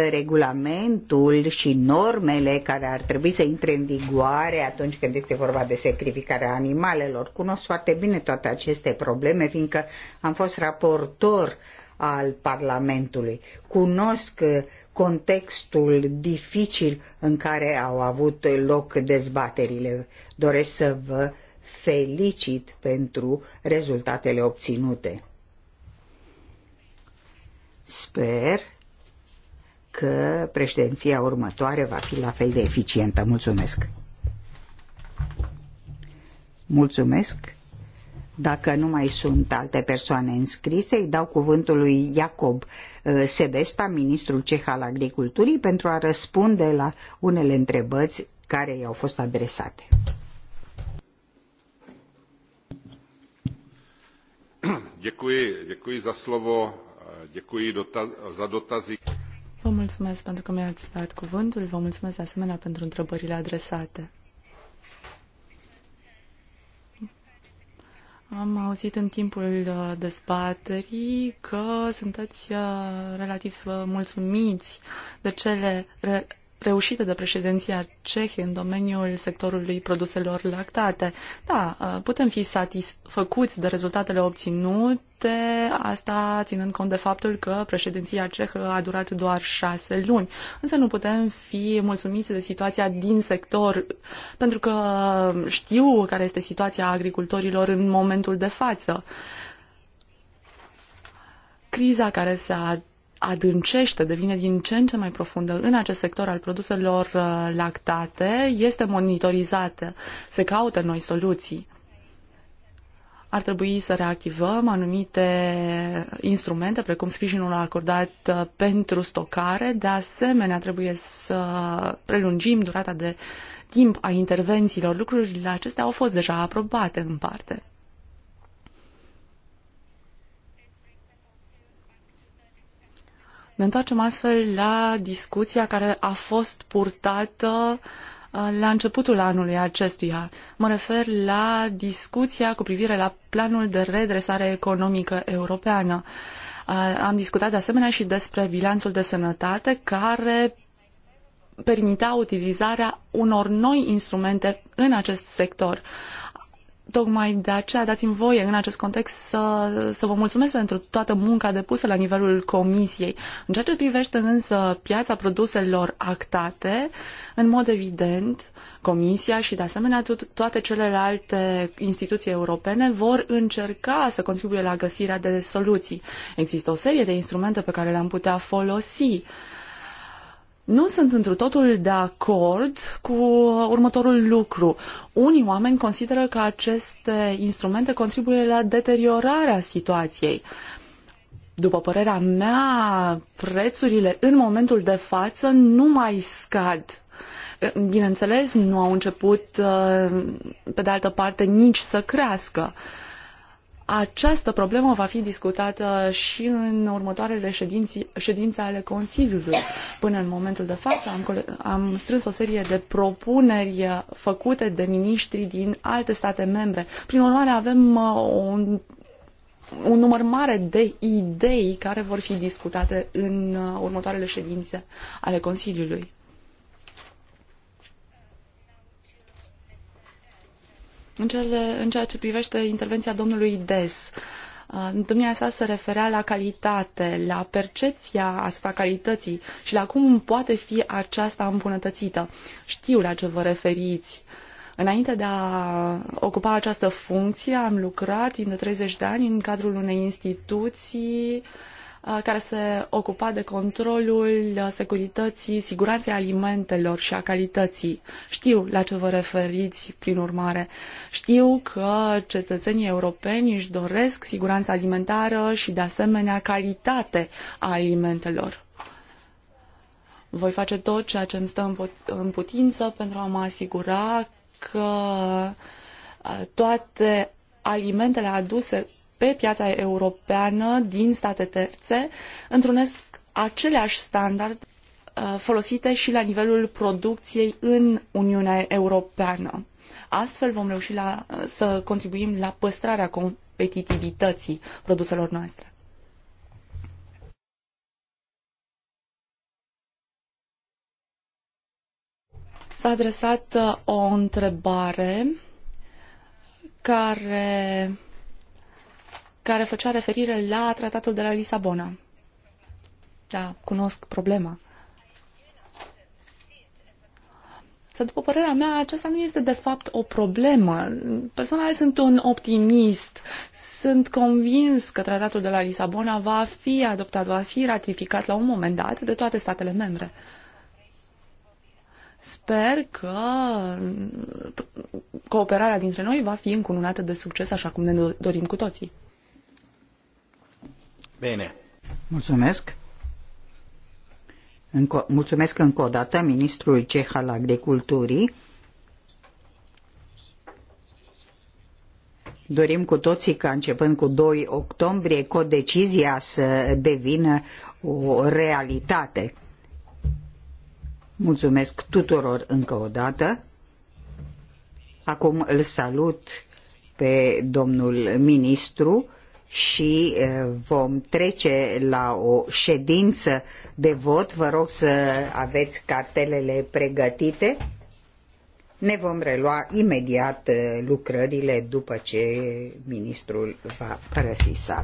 regulamentul și normele care ar trebui să intre în vigoare atunci când este vorba de sacrificarea animalelor. Cunosc foarte bine toate aceste probleme, fiindcă am fost raportor uh, al Parlamentului. Cunosc uh, contextul dificil în care au avut loc dezbaterile. Doresc să vă felicit pentru rezultatele obținute. Sper că președinția următoare va fi la fel de eficientă. Mulțumesc! Mulțumesc! Dacă nu mai sunt alte persoane înscrise, îi dau cuvântul lui Iacob uh, Sebesta, ministrul ceh al agriculturii, pentru a răspunde la unele întrebări care i-au fost adresate. [clears throat] Děkuji, děkuji za slovo, děkuji dotaz, za dotazy. Vă mulțumesc pentru că mi-ați dat cuvântul, vă mulțumesc de asemenea pentru întrebările adresate. Am auzit în timpul uh, dezbaterii că sunteți uh, relativ uh, mulțumiți de cele reușită de președinția ceh în domeniul sectorului produselor lactate. Da, uh, putem fi satisfăcuți de rezultatele obținute, asta ținând cont de faptul că președinția cehă a durat doar șase luni. Însă nu putem fi mulțumiți de situația din sector, pentru că știu care este situația agricultorilor în momentul de față criza care s-a adâncește, devine din ce în ce mai profundă în acest sector al produselor uh, lactate, este monitorizată, se caută noi soluții. Ar trebui să reactivăm anumite instrumente, precum sprijinul acordat uh, pentru stocare. De asemenea, trebuie să prelungim durata de timp a intervențiilor. Lucrurile acestea au fost deja aprobate în parte. Ne întoarcem astfel la discuția care a fost purtată uh, la începutul anului acestuia. Mă refer la discuția cu privire la planul de redresare economică europeană. Uh, am discutat de asemenea și despre bilanțul de sănătate care permitea utilizarea unor noi instrumente în acest sector tocmai de aceea dați-mi voie în acest context să, să vă mulțumesc pentru toată munca depusă la nivelul comisiei. În ceea ce privește însă piața produselor actate, în mod evident, comisia și de asemenea toate celelalte instituții europene vor încerca să contribuie la găsirea de soluții. Există o serie de instrumente pe care le-am putea folosi uh, nu sunt întru totul de acord cu următorul lucru. Unii oameni consideră că aceste instrumente contribuie la deteriorarea situației. După părerea mea, prețurile în momentul de față nu mai scad. Bineînțeles, nu au început, uh, pe de altă parte, nici să crească. Această problemă va fi discutată și în următoarele ședinții, ședințe ale Consiliului. Până în momentul de față am, am strâns o serie de propuneri făcute de miniștri din alte state membre. Prin urmare, avem uh, un un număr mare de idei care vor fi discutate în uh, următoarele ședințe ale Consiliului. În, ceea ce privește intervenția domnului Des, uh, domnia sa se referea la calitate, la percepția asupra calității și la cum poate fi aceasta îmbunătățită. Știu la ce vă referiți. Înainte de a ocupa această funcție, am lucrat timp de 30 de ani în cadrul unei instituții uh, Uh, care se ocupa de controlul uh, securității, siguranței alimentelor și a calității. Știu la ce vă referiți, prin urmare. Știu că cetățenii europeni își doresc siguranța alimentară și, de asemenea, calitate a alimentelor. Voi face tot ceea ce îmi stă în, în putință pentru a mă asigura că uh, toate alimentele aduse pe piața europeană din state terțe întrunesc aceleași standarde uh, folosite și la nivelul producției în Uniunea Europeană. Astfel vom reuși la, uh, să contribuim la păstrarea competitivității produselor noastre. S-a adresat uh, o întrebare care care făcea referire la tratatul de la Lisabona. Da, cunosc problema. Să după părerea mea, aceasta nu este de fapt o problemă. Personal sunt un optimist. Sunt convins că tratatul de la Lisabona va fi adoptat, va fi ratificat la un moment dat de toate statele membre. Sper că cooperarea dintre noi va fi încununată de succes, așa cum ne dorim cu toții. Bine. Mulțumesc. Încă, mulțumesc încă o dată ministrului ceh al agriculturii. Dorim cu toții ca începând cu 2 octombrie codecizia să devină o realitate. Mulțumesc tuturor încă o dată. Acum îl salut pe domnul ministru și vom trece la o ședință de vot. Vă rog să aveți cartelele pregătite. Ne vom relua imediat lucrările după ce ministrul va părăsi sala.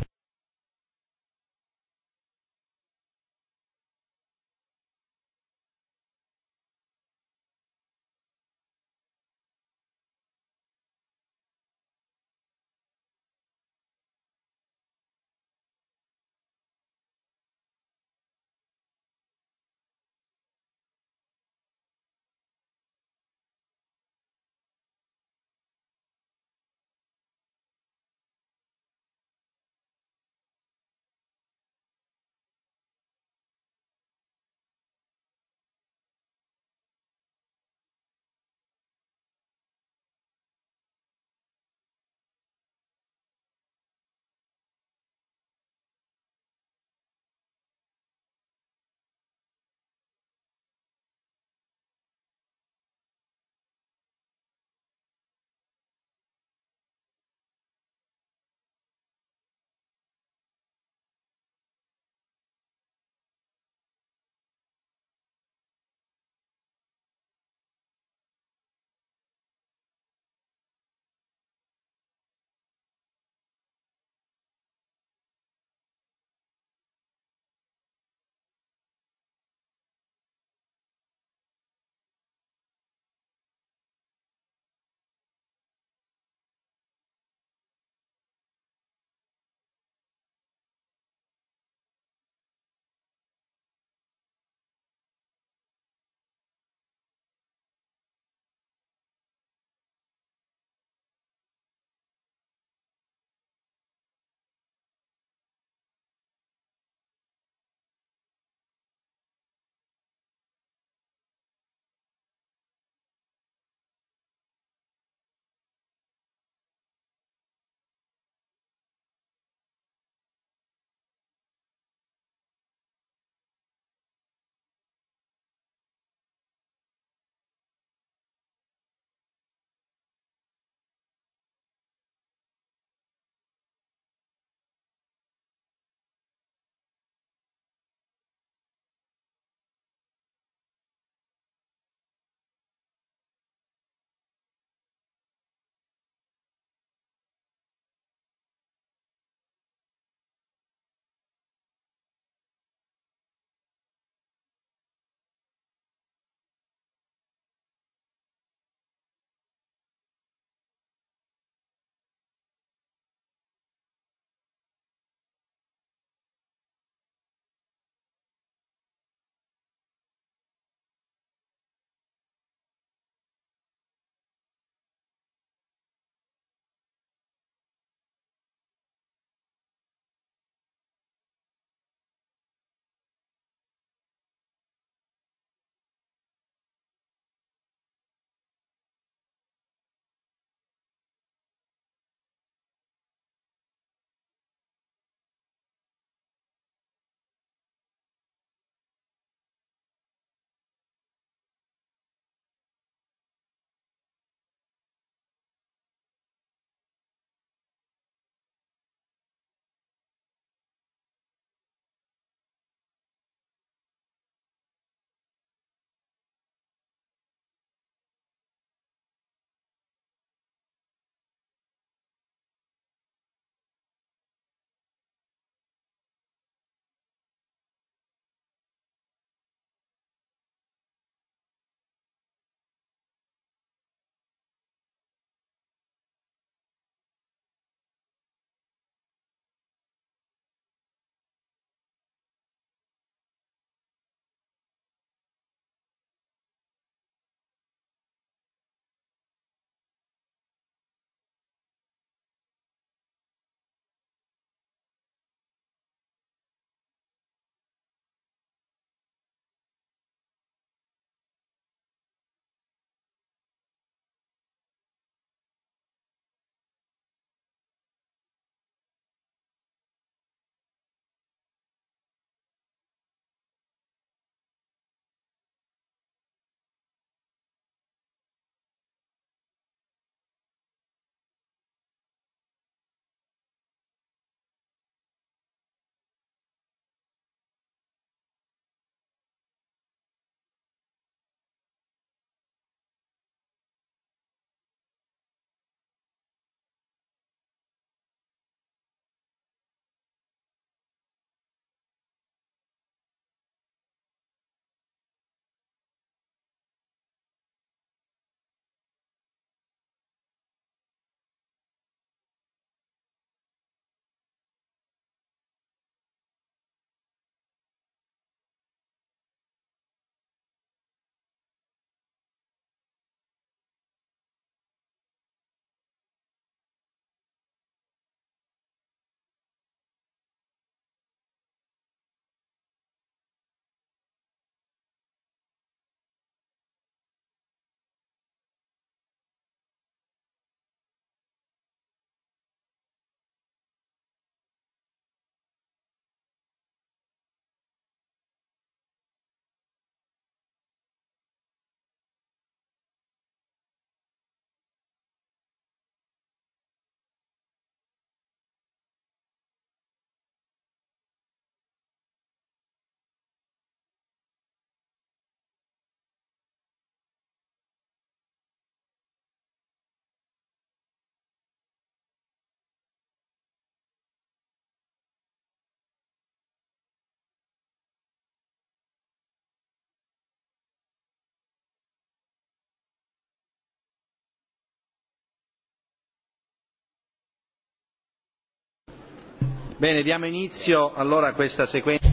Bine, diamo inizio allora questa sequenza.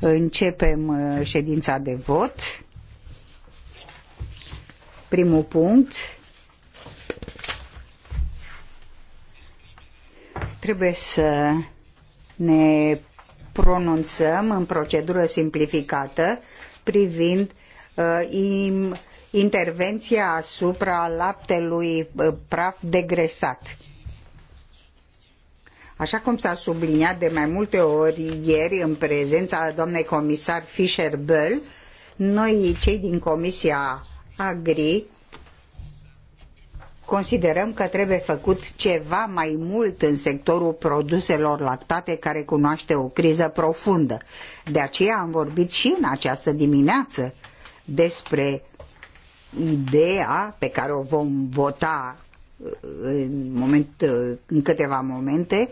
Începem uh, ședința de vot. Primul punct. Trebuie să ne pronunțăm în procedură simplificată privind uh, intervenția asupra laptelui uh, praf degresat Așa cum s-a subliniat de mai multe ori ieri în prezența doamnei comisar Fischer-Böll, noi cei din Comisia Agri considerăm că trebuie făcut ceva mai mult în sectorul produselor lactate care cunoaște o criză profundă. De aceea am vorbit și în această dimineață despre ideea pe care o vom vota în, moment, în câteva momente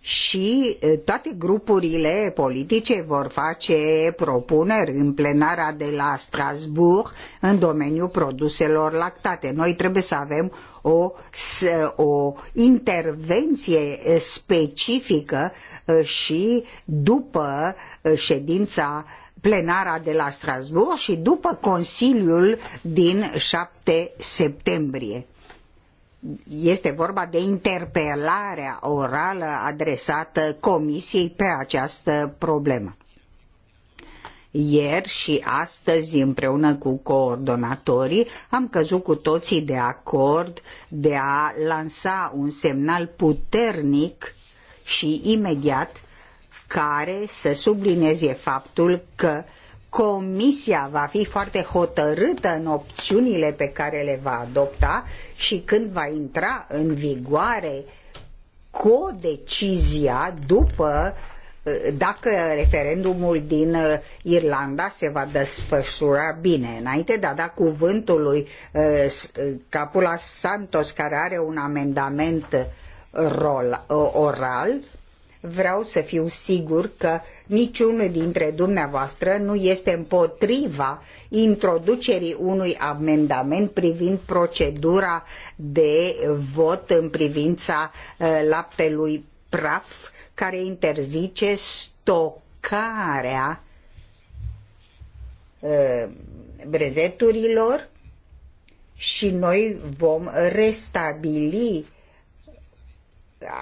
și toate grupurile politice vor face propuneri în plenara de la Strasbourg în domeniul produselor lactate. Noi trebuie să avem o, o intervenție specifică și după ședința plenara de la Strasbourg și după Consiliul din 7 septembrie este vorba de interpelarea orală adresată Comisiei pe această problemă. Ieri și astăzi, împreună cu coordonatorii, am căzut cu toții de acord de a lansa un semnal puternic și imediat care să sublinieze faptul că uh, Comisia va fi foarte hotărâtă în opțiunile pe care le va adopta și când va intra în vigoare codecizia după dacă referendumul din uh, Irlanda se va desfășura bine. Înainte de a da cuvântul lui uh, uh, Capula Santos, care are un amendament oral, Vreau să fiu sigur că niciunul dintre dumneavoastră nu este împotriva introducerii unui amendament privind procedura de vot în privința uh, laptelui praf care interzice stocarea uh, brezeturilor și noi vom restabili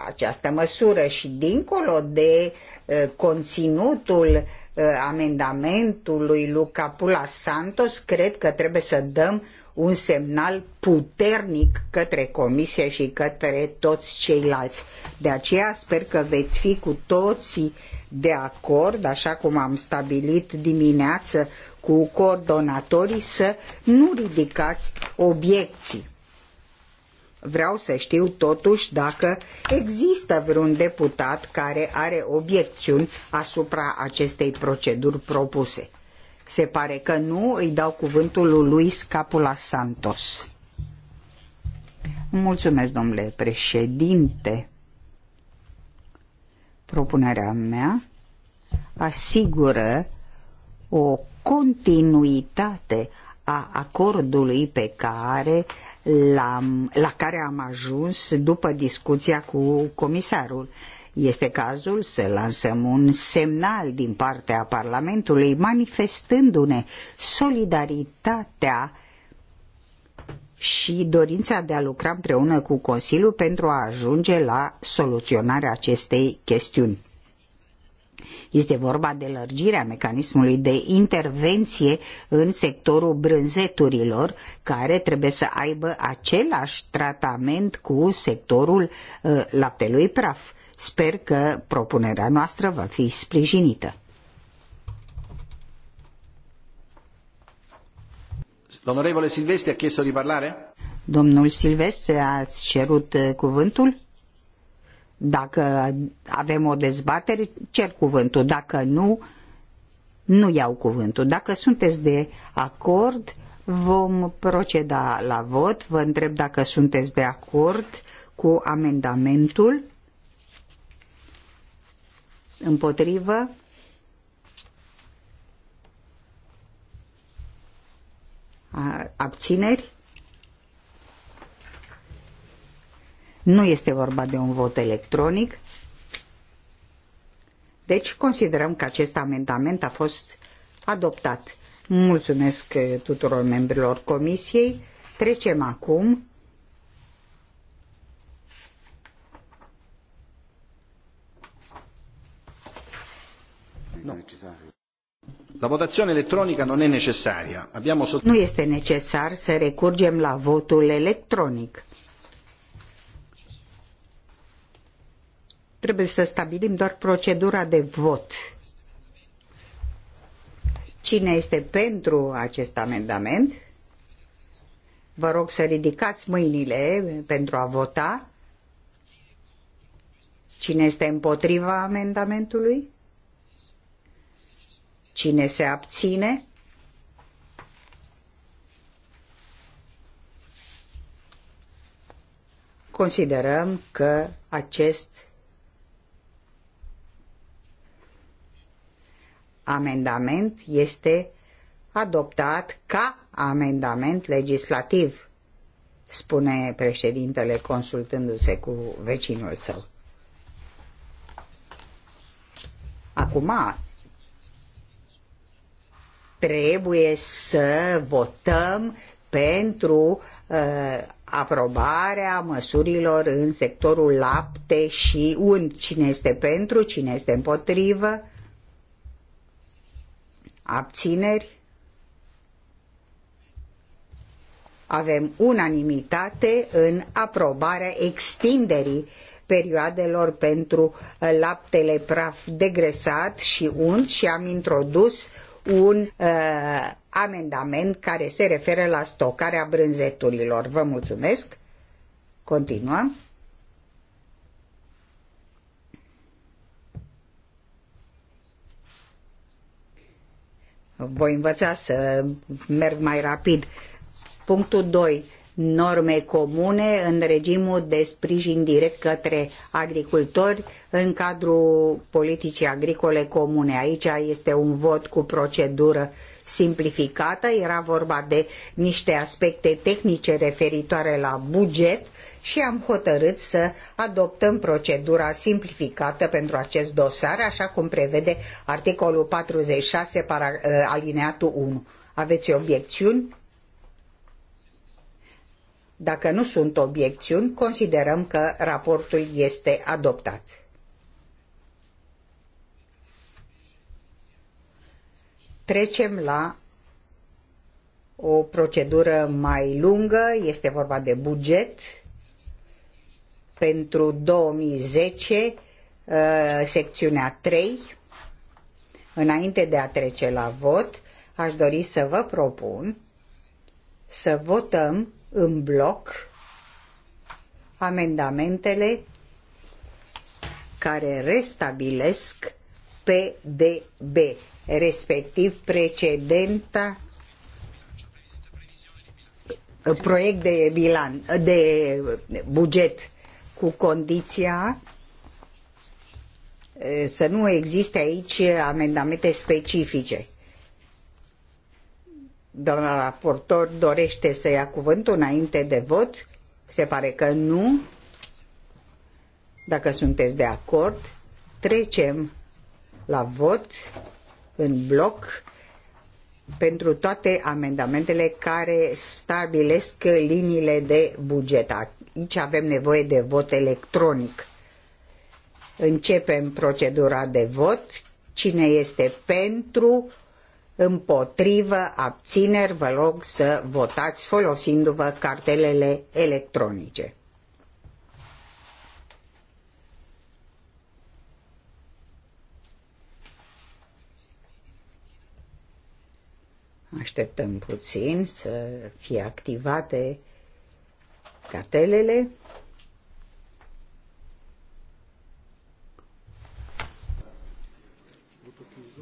această măsură și dincolo de uh, conținutul uh, amendamentului lui Capula Santos, cred că trebuie să dăm un semnal puternic către Comisie și către toți ceilalți. De aceea sper că veți fi cu toții de acord, așa cum am stabilit dimineață cu coordonatorii, să nu ridicați obiecții. Vreau să știu totuși dacă există vreun deputat care are obiecțiuni asupra acestei proceduri propuse. Se pare că nu, îi dau cuvântul lui Luis Capula Santos. Mulțumesc, domnule președinte. Propunerea mea asigură o continuitate a acordului pe care la care am ajuns după discuția cu comisarul. Este cazul să lansăm un semnal din partea Parlamentului manifestându-ne solidaritatea și dorința de a lucra împreună cu Consiliul pentru a ajunge la soluționarea acestei chestiuni. Este vorba de lărgirea mecanismului de intervenție în sectorul brânzeturilor, care trebuie să aibă același tratament cu sectorul uh, laptelui praf. Sper că propunerea noastră va fi sprijinită. L'onorevole Silvestri a chiesto di parlare? Domnul Silvestri, ați cerut uh, cuvântul? Dacă avem o dezbatere, cer cuvântul. Dacă nu, nu iau cuvântul. Dacă sunteți de acord, vom proceda la vot. Vă întreb dacă sunteți de acord cu amendamentul. Împotrivă? Abțineri? Nu este vorba de un vot electronic. Deci considerăm că acest amendament a fost adoptat. Mulțumesc eh, tuturor membrilor comisiei. Trecem acum La votazione elettronica non è necessaria. Abbiamo... Nu este necesar să recurgem la votul electronic. trebuie să stabilim doar procedura de vot. Cine este pentru acest amendament? Vă rog să ridicați mâinile pentru a vota. Cine este împotriva amendamentului? Cine se abține? Considerăm că acest amendament este adoptat ca amendament legislativ, spune președintele consultându-se cu vecinul său. Acum trebuie să votăm pentru uh, aprobarea măsurilor în sectorul lapte și unt. Cine este pentru, cine este împotrivă, abțineri, avem unanimitate în aprobarea extinderii perioadelor pentru laptele praf degresat și unt și am introdus un uh, amendament care se referă la stocarea brânzeturilor. Vă mulțumesc. Continuăm. voi învăța să merg mai rapid. Punctul 2. Norme comune în regimul de sprijin direct către agricultori în cadrul politicii agricole comune. Aici este un vot cu procedură uh, simplificată, era vorba de niște aspecte tehnice referitoare la buget și am hotărât să adoptăm procedura simplificată pentru acest dosar, așa cum prevede articolul 46, para, ă, alineatul 1. Aveți obiecțiuni? Dacă nu sunt obiecțiuni, considerăm că raportul este adoptat. trecem la o procedură mai lungă, este vorba de buget pentru 2010, uh, secțiunea 3. Înainte de a trece la vot, aș dori să vă propun să votăm în bloc amendamentele care restabilesc PDB respectiv precedenta uh, proiect de bilan, uh, de buget cu condiția uh, să nu existe aici amendamente specifice. Doamna raportor dorește să ia cuvântul înainte de vot? Se pare că nu. Dacă sunteți de acord, trecem la vot în bloc pentru toate amendamentele care stabilesc liniile de buget. Aici avem nevoie de vot electronic. Începem procedura de vot. Cine este pentru, împotrivă, abțineri, vă rog să votați folosindu-vă cartelele electronice. Așteptăm puțin să fie activate cartelele.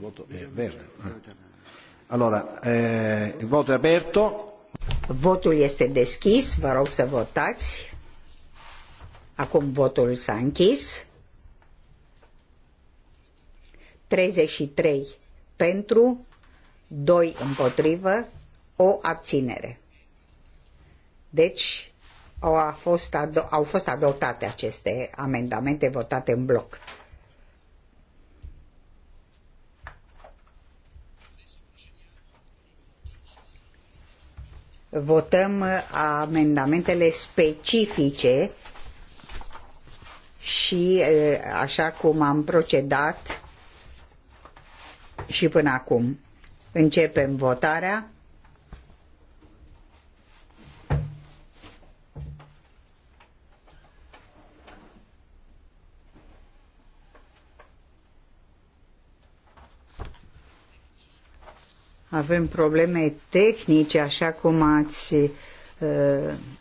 Voto eh, verde. Ah. Allora, eh, voto è aperto. Votul este deschis, vă rog să votați. Acum votul s-a închis. 33 pentru, 2 împotrivă, o abținere. Deci au fost, au fost adoptate aceste amendamente votate în bloc. Votăm uh, amendamentele specifice și uh, așa cum am procedat și până acum. Începem votarea. Avem probleme tehnice, așa cum ați uh,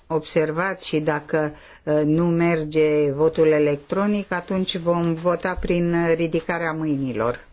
observat și dacă uh, nu merge votul electronic, atunci vom vota prin uh, ridicarea mâinilor.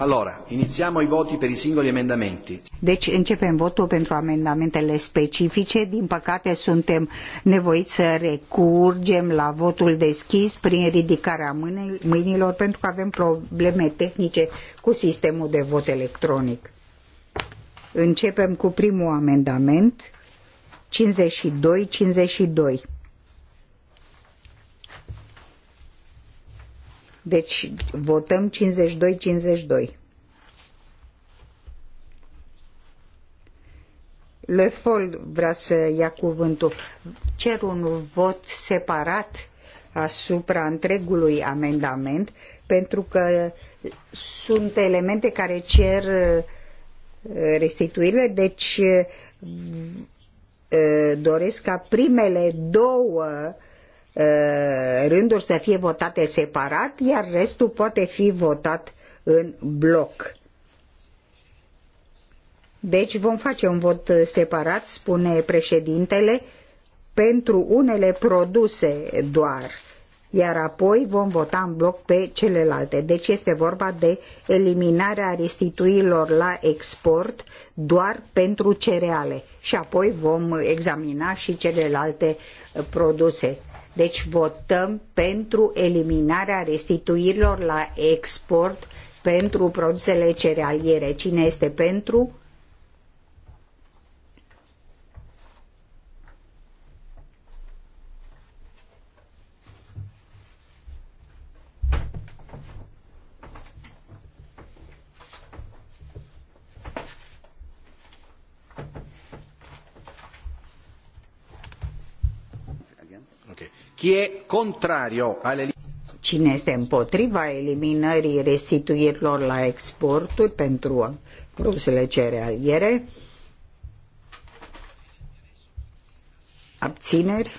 Allora, iniziamo i voti per i singoli emendamenti. Deci începem votul pentru amendamentele specifice. Din păcate suntem nevoiți să recurgem la votul deschis prin ridicarea mâinilor pentru că avem probleme tehnice cu sistemul de vot electronic. Începem cu primul amendament 52-52. Deci votăm 52-52. Lefol vrea să ia cuvântul. Cer un vot separat asupra întregului amendament pentru că sunt elemente care cer uh, restituire, deci uh, doresc ca primele două uh, Uh, rânduri să fie votate separat, iar restul poate fi votat în bloc. Deci vom face un vot separat, spune președintele, pentru unele produse doar, iar apoi vom vota în bloc pe celelalte. Deci este vorba de eliminarea restituirilor la export doar pentru cereale și apoi vom examina și celelalte produse. Deci votăm pentru eliminarea restituirilor la export pentru produsele cerealiere. Cine este pentru? Chi e contrario alle Cine este împotriva eliminării restituirilor la exporturi pentru produsele cerealiere? Abțineri?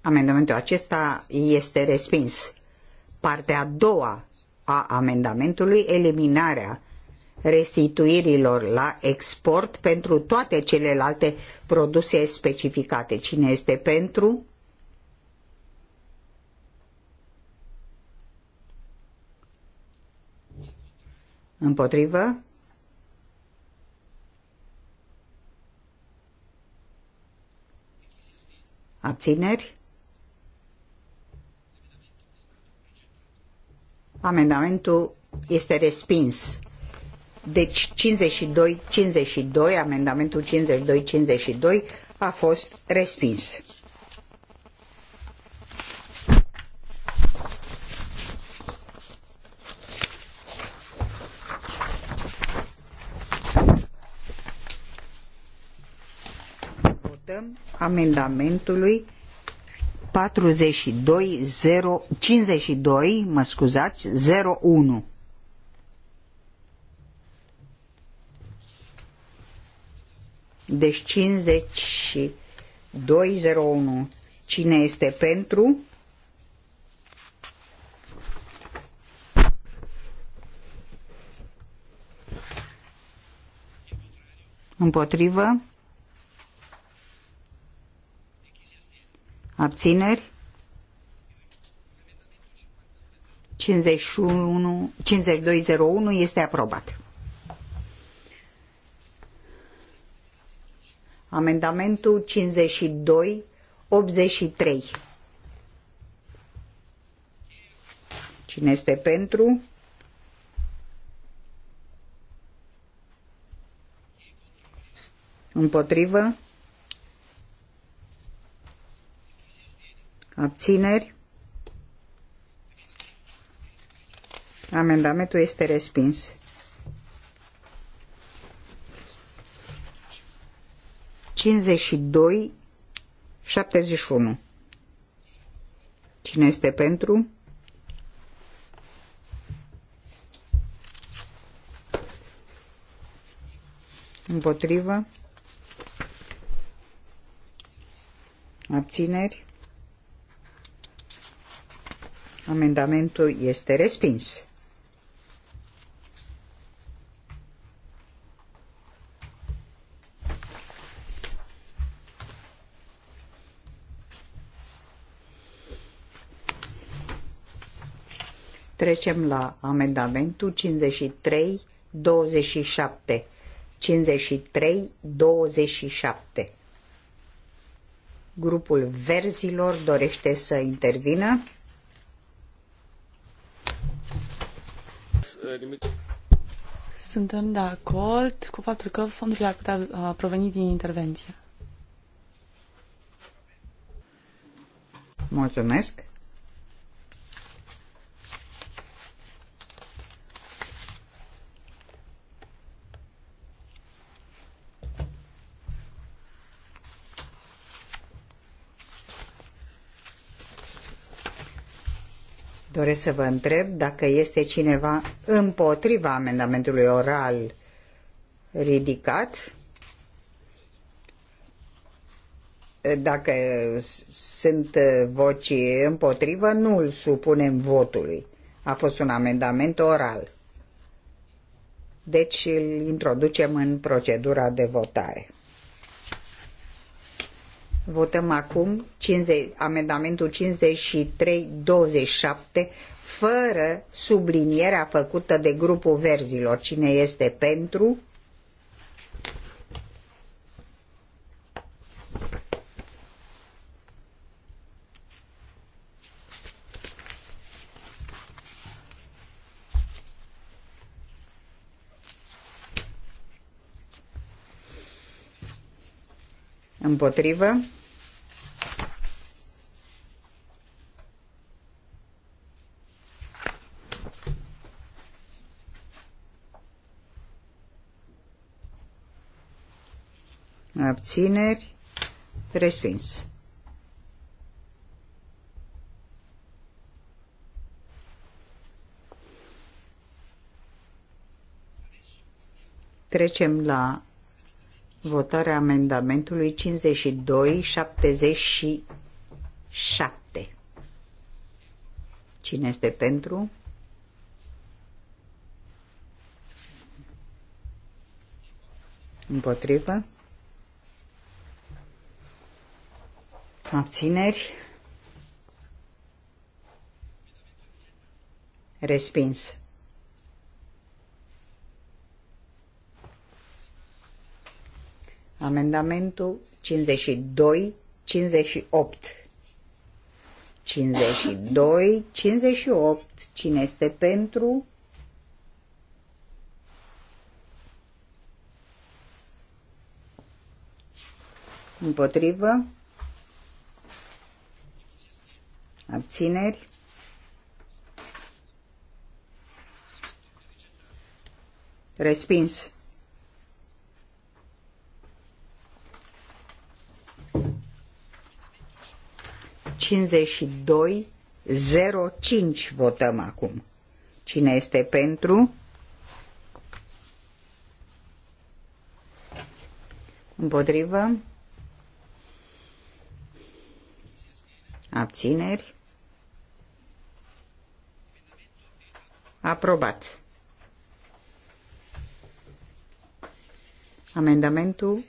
Amendamentul acesta este respins. Partea a doua a amendamentului, eliminarea restituirilor la export pentru toate celelalte produse specificate. Cine este pentru? Împotrivă? Abțineri? Amendamentul este respins. Deci 52, 52, amendamentul 52, 52 a fost respins. amendamentului 42052, 52, mă scuzați, 01. Deci 5201. Cine este pentru? Împotrivă? Abțineri? 5201 este aprobat. Amendamentul 52 83. Cine este pentru? Împotrivă? Abțineri? Amendamentul este respins. 52, 71. Cine este pentru? Împotrivă? Abțineri? Amendamentul este respins. Trecem la amendamentul 53-27. 53-27. Grupul verzilor dorește să intervină. Suntem de acord cu faptul că fondurile ar putea uh, proveni din intervenție. Mulțumesc. Doresc să vă întreb dacă este cineva împotriva amendamentului oral ridicat. Dacă sunt voci împotrivă, nu îl supunem votului. A fost un amendament oral. Deci îl introducem în procedura de votare. Votăm acum 50, amendamentul 5327 fără sublinierea făcută de grupul verzilor. Cine este pentru? Împotrivă. Abțineri. Respins. Trecem la votarea amendamentului 52-77. Cine este pentru? Împotrivă? Abțineri? Respins. Amendamentul 52, 58. 52, 58. Cine este pentru? Împotrivă? Abțineri? Respins. 52 05 votăm acum. Cine este pentru? Împotrivă? Abțineri? Aprobat. Amendamentul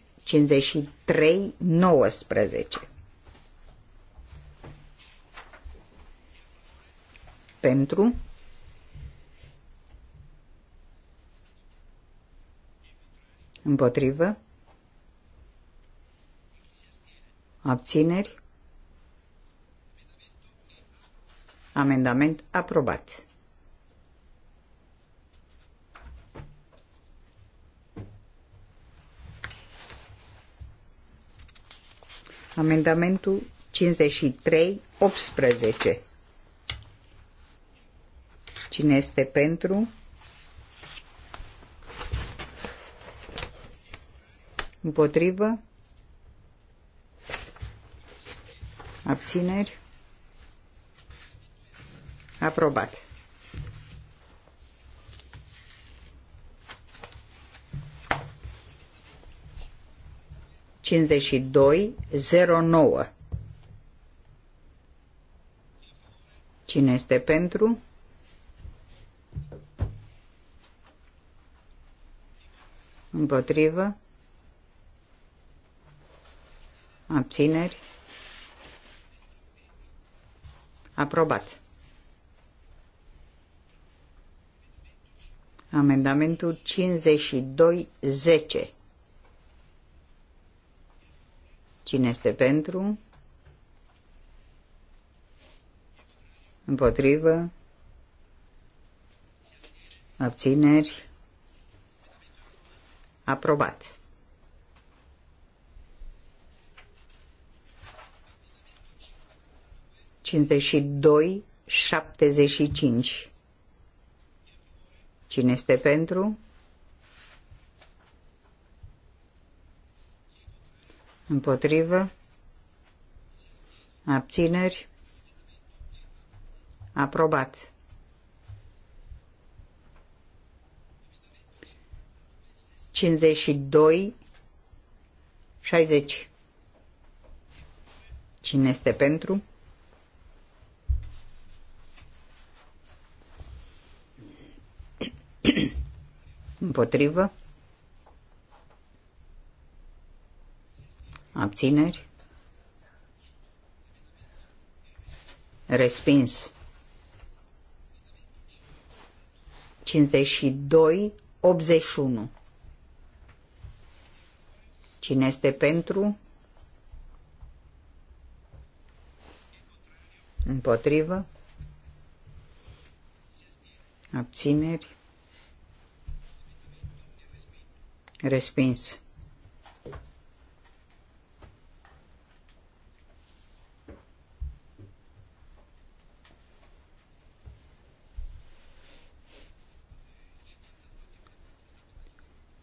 53-19. pentru, împotrivă, abțineri, amendament aprobat. Amendamentul 53-18. Cine este pentru? Împotrivă? Abțineri? Aprobat. Cincizeci doi zero nouă. Cine este pentru? Împotrivă. Abțineri. Aprobat. Amendamentul 52.10. Cine este pentru? Împotrivă? Abțineri? Aprobat. Cincizeci și doi, șaptezeci și cinci. Cine este pentru? Împotrivă? Abțineri? Aprobat. 52, 60. Cine este pentru? Împotrivă? Abțineri? Respins. 52, 81. Cine este pentru? Împotrivă? Abțineri? Respins.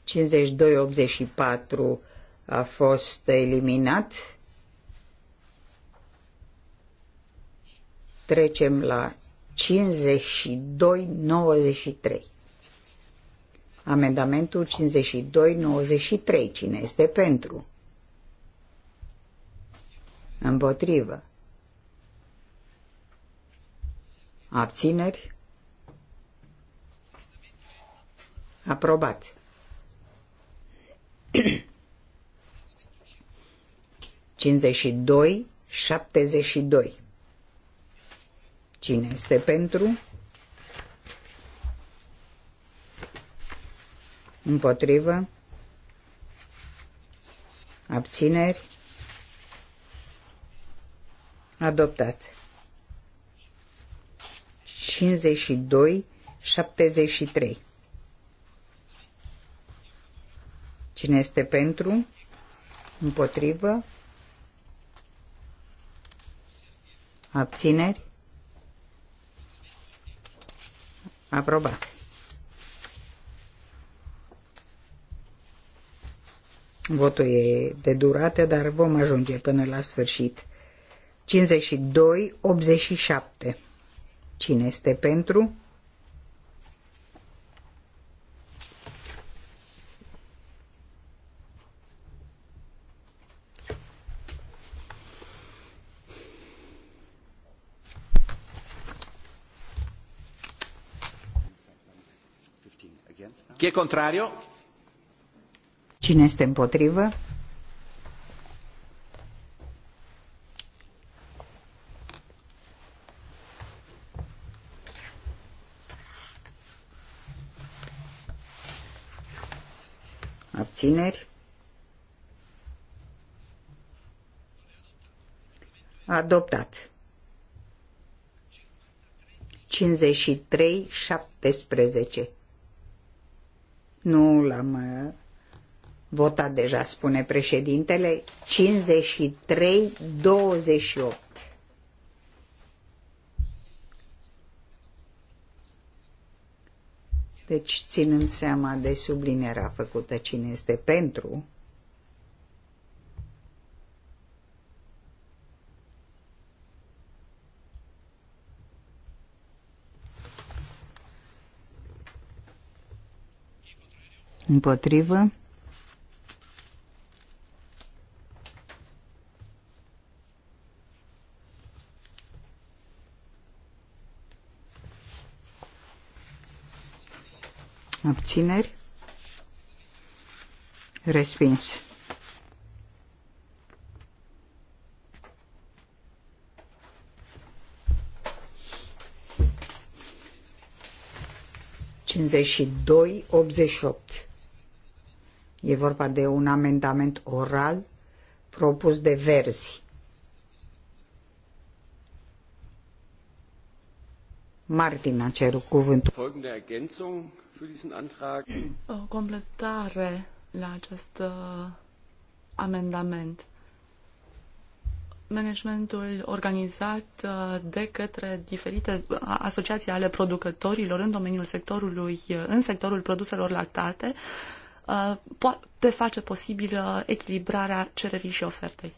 Cincizeci doi, patru a fost eliminat. Trecem la 52-93. Amendamentul 52-93. Cine este pentru? Împotrivă. Abțineri? Aprobat. [clears throat] 52, 72. Cine este pentru? Împotrivă? Abțineri? Adoptat. 52, 73. Cine este pentru? Împotrivă? Abțineri? Aprobat. Votul e de durată, dar vom ajunge până la sfârșit. 52-87. Cine este pentru? Chi e contrario? Cine este împotrivă? Abțineri? Adoptat. 53-17 nu l-am uh, votat deja, spune președintele. 53-28. Deci, ținând seama de sublinierea făcută cine este pentru, împotrivă, abțineri, respins. Cincizeci și doi, optzeci și opt. E vorba de un amendament oral propus de verzi. Martin a cerut cuvântul. O completare la acest uh, amendament. Managementul organizat uh, de către diferite asociații ale producătorilor în domeniul sectorului, uh, în sectorul produselor lactate, Uh, poate face posibil uh, echilibrarea cererii și ofertei.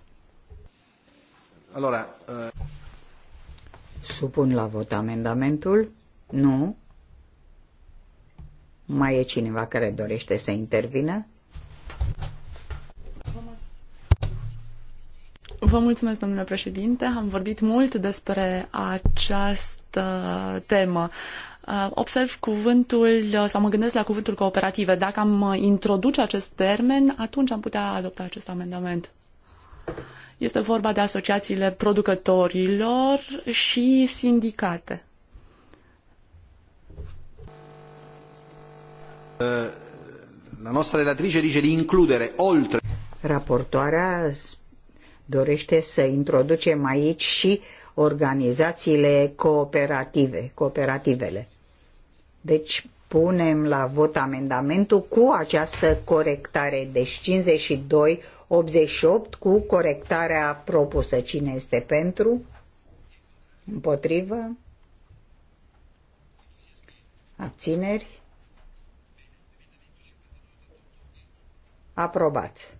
Alora, uh... Supun la vot amendamentul? Nu. Mai e cineva care dorește să intervină? Vă mulțumesc, domnule președinte. Am vorbit mult despre această temă. Uh, observ cuvântul uh, sau mă gândesc la cuvântul cooperative. Dacă am uh, introduce acest termen, atunci am putea adopta acest amendament. Este vorba de asociațiile producătorilor și sindicate. La noastră relatrice dice de includere oltre. Raportoarea dorește să introducem aici și organizațiile cooperative, cooperativele. Deci punem la vot amendamentul cu această corectare, deci 52 88 cu corectarea propusă. Cine este pentru? Împotrivă? Abțineri? Aprobat.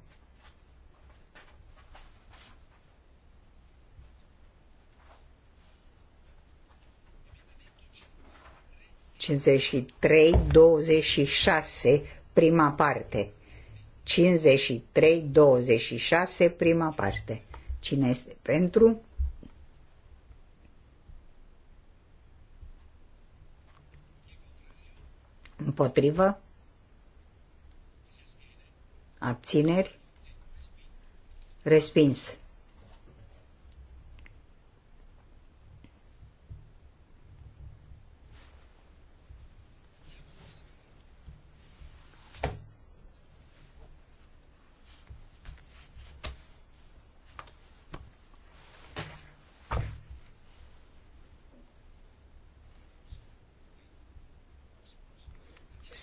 53, 26, prima parte. 53, 26, prima parte. Cine este pentru? Împotrivă? Abțineri? Respins.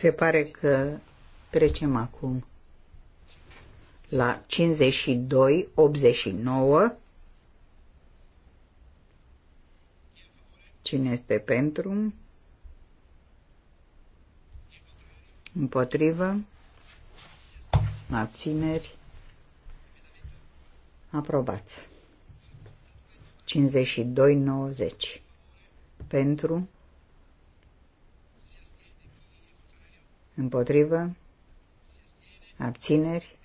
Se pare că trecem acum la 52, 89. Cine este pentru? Împotrivă? Abțineri? Aprobat. 52-90. Pentru? Împotrivă. Abțineri.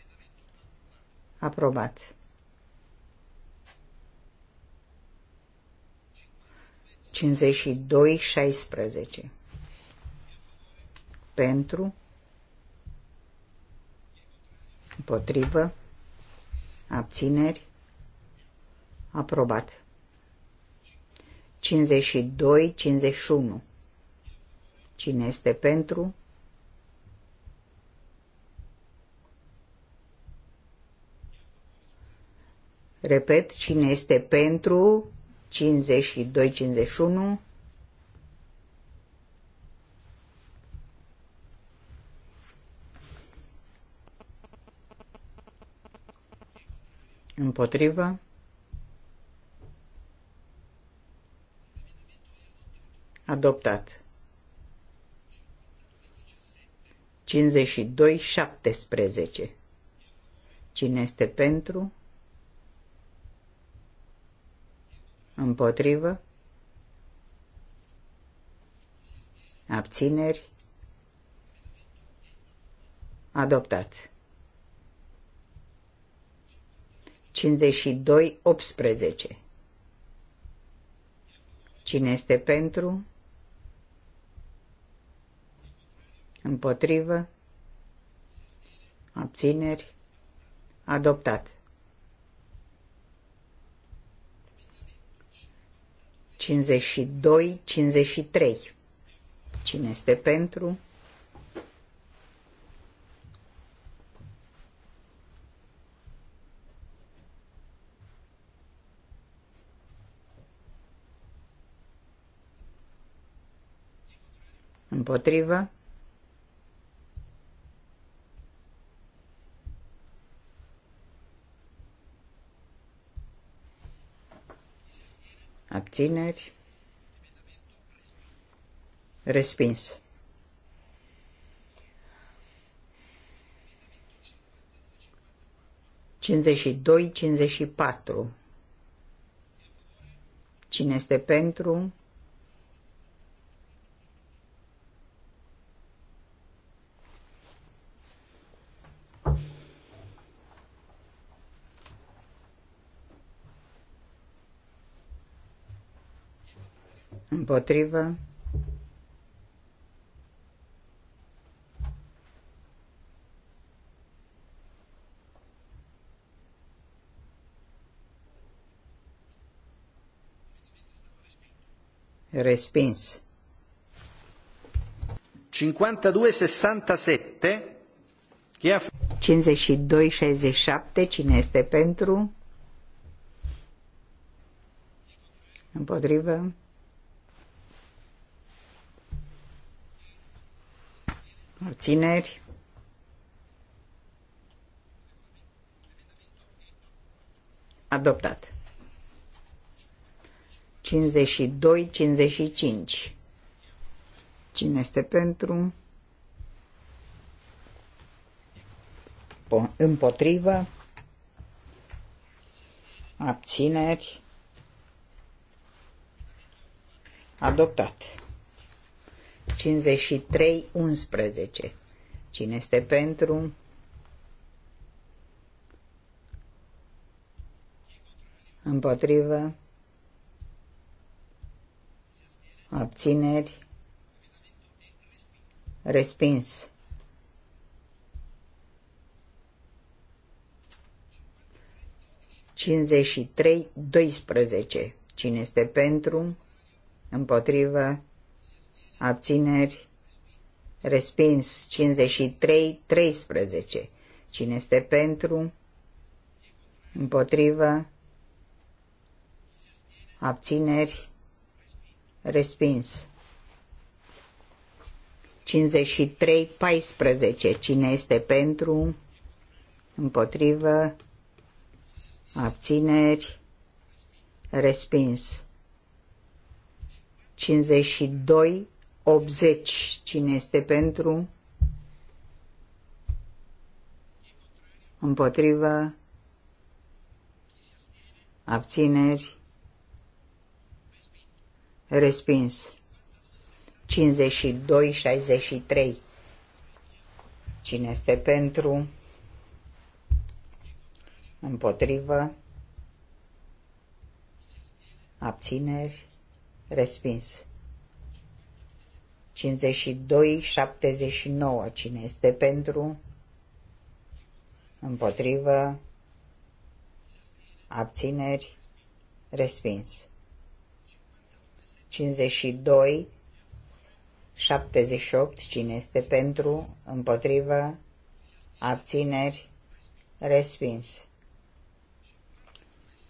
Aprobat. doi 16 Pentru Împotrivă Abțineri Aprobat 52-51 Cine este pentru? Repet, cine este pentru 52-51? Împotrivă. Adoptat. 52-17. Cine este pentru? Împotrivă. Abțineri. Adoptat. 52-18 Cine este pentru? Împotrivă? Abțineri? Adoptat. 52, 53. Cine este pentru? Împotrivă? abțineri, respins. Cincizeci și doi, cincizeci și patru. Cine este pentru? Împotrivă. Respins. 52-67 52-67 cine este pentru? Împotrivă? Abțineri. Adoptat. 52-55. Cine este pentru? Împotrivă? Abțineri? Adoptat. 53.11. Cine este pentru? Împotrivă? Abțineri? Respins. doisprezece. Cine este pentru? Împotrivă? abțineri, respins 53, 13. Cine este pentru, împotrivă, abțineri, respins. 53, 14. Cine este pentru, împotrivă, abțineri, respins. 52, 80. Cine este pentru? Împotrivă? Abțineri? Respins. 52, 63. Cine este pentru? Împotrivă? Abțineri? Respins. 52, 79. Cine este pentru? Împotrivă? Abțineri? Respins. 52, 78. Cine este pentru? Împotrivă? Abțineri? Respins.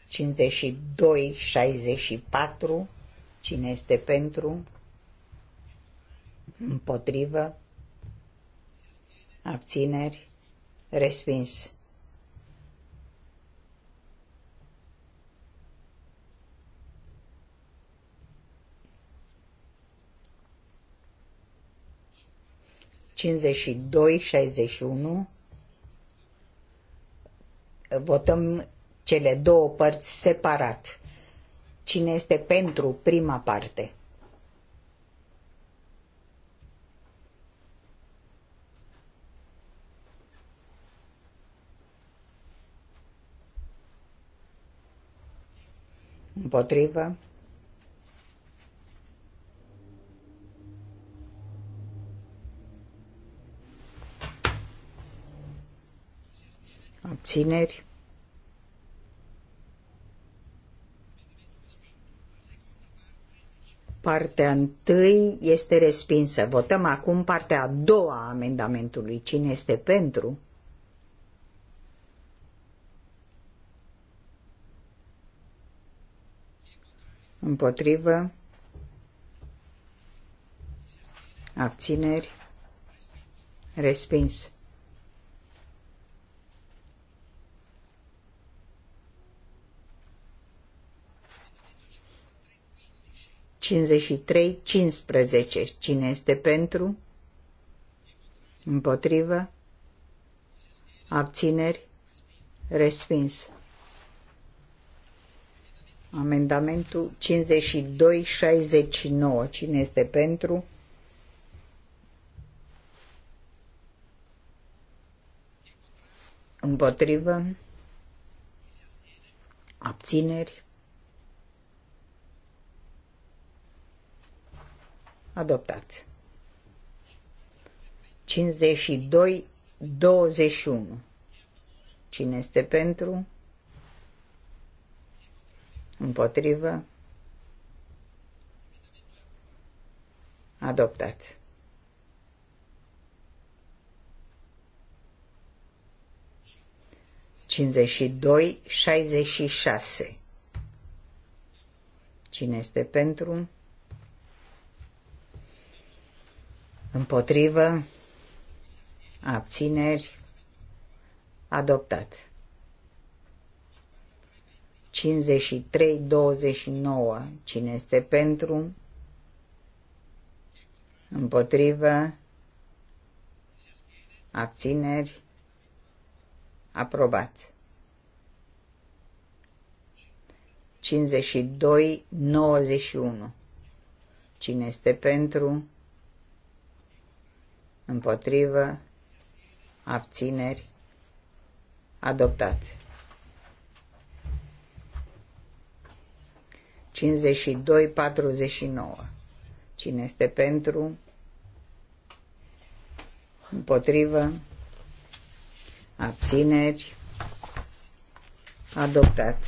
52, 64. Cine este pentru? împotrivă, abțineri, respins. Cincizeci doi, șaizeci unu. Votăm cele două părți separat. Cine este pentru prima parte? Împotrivă. Abțineri. Partea întâi este respinsă. Votăm acum partea a doua a amendamentului. Cine este pentru? împotrivă, abțineri, respins. Cincizeci trei, cincisprezece. Cine este pentru? Împotrivă? Abțineri? Respins. Amendamentul 5269 Cine este pentru? Împotrivă? Abțineri? Adoptat. 52-21. Cine este pentru? Împotrivă. Adoptat. Cincizeci și doi, șaizeci și șase. Cine este pentru? Împotrivă. Abțineri. Adoptat. 53-29. Cine este pentru? Împotrivă? Abțineri? Aprobat. 52-91. Cine este pentru? Împotrivă? Abțineri? Adoptat. 52-49. Cine este pentru? Împotrivă? Abțineri? Adoptat.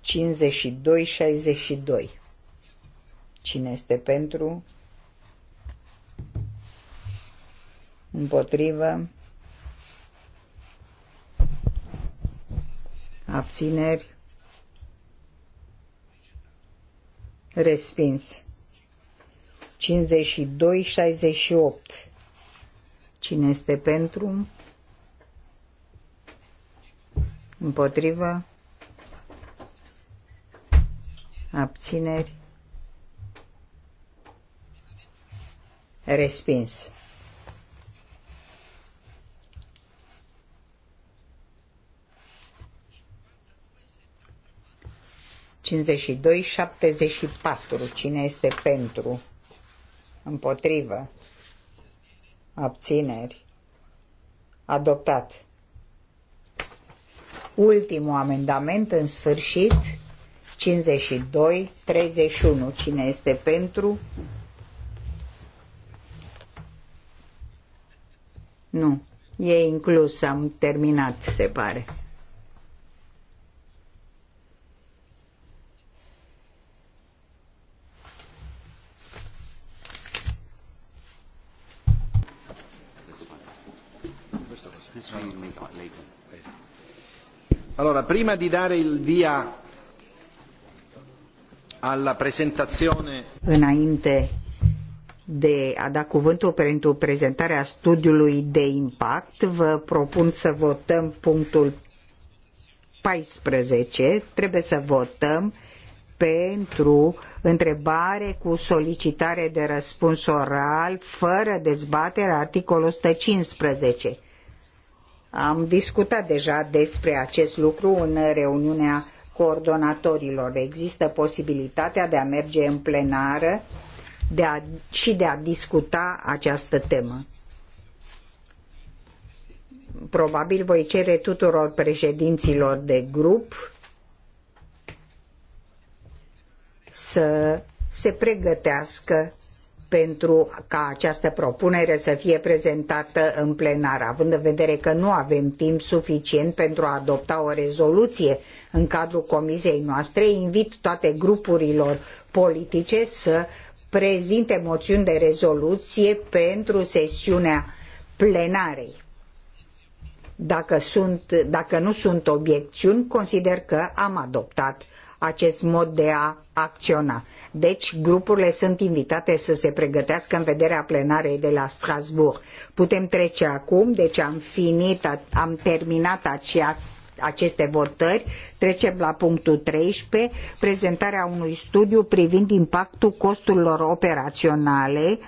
Cinzeci e dois, șaizeci și doi. Cine este pentru? Împotrivă? Abțineri? Respins. 52-68. Cine este pentru? Împotrivă? Abțineri? Respins. Cincizeci și Cine este pentru? Împotrivă. Abțineri. Adoptat. Ultimul amendament, în sfârșit, 52-31. Cine este pentru? Nu. E inclus, am terminat, se pare. Allora, prima di dare il via alla presentazione... Înainte de a da cuvântul pentru prezentarea studiului de impact, vă propun să votăm punctul 14. Trebuie să votăm pentru întrebare cu solicitare de răspuns oral fără dezbatere articolul 115. Am discutat deja despre acest lucru în reuniunea coordonatorilor. Există posibilitatea de a merge în plenară de a, și de a discuta această temă. Probabil voi cere tuturor președinților de grup să se pregătească pentru ca această propunere să fie prezentată în plenar, având în vedere că nu avem timp suficient pentru a adopta o rezoluție în cadrul comisiei noastre, invit toate grupurilor politice să prezinte moțiuni de rezoluție pentru sesiunea plenarei. Dacă, sunt, dacă nu sunt obiecțiuni, consider că am adoptat acest mod de a acționa. Deci, grupurile sunt invitate să se pregătească în vederea plenarei de la Strasbourg. Putem trece acum, deci am, finit, am terminat această aceste votări, trecem la punctul 13, prezentarea unui studiu privind impactul costurilor operaționale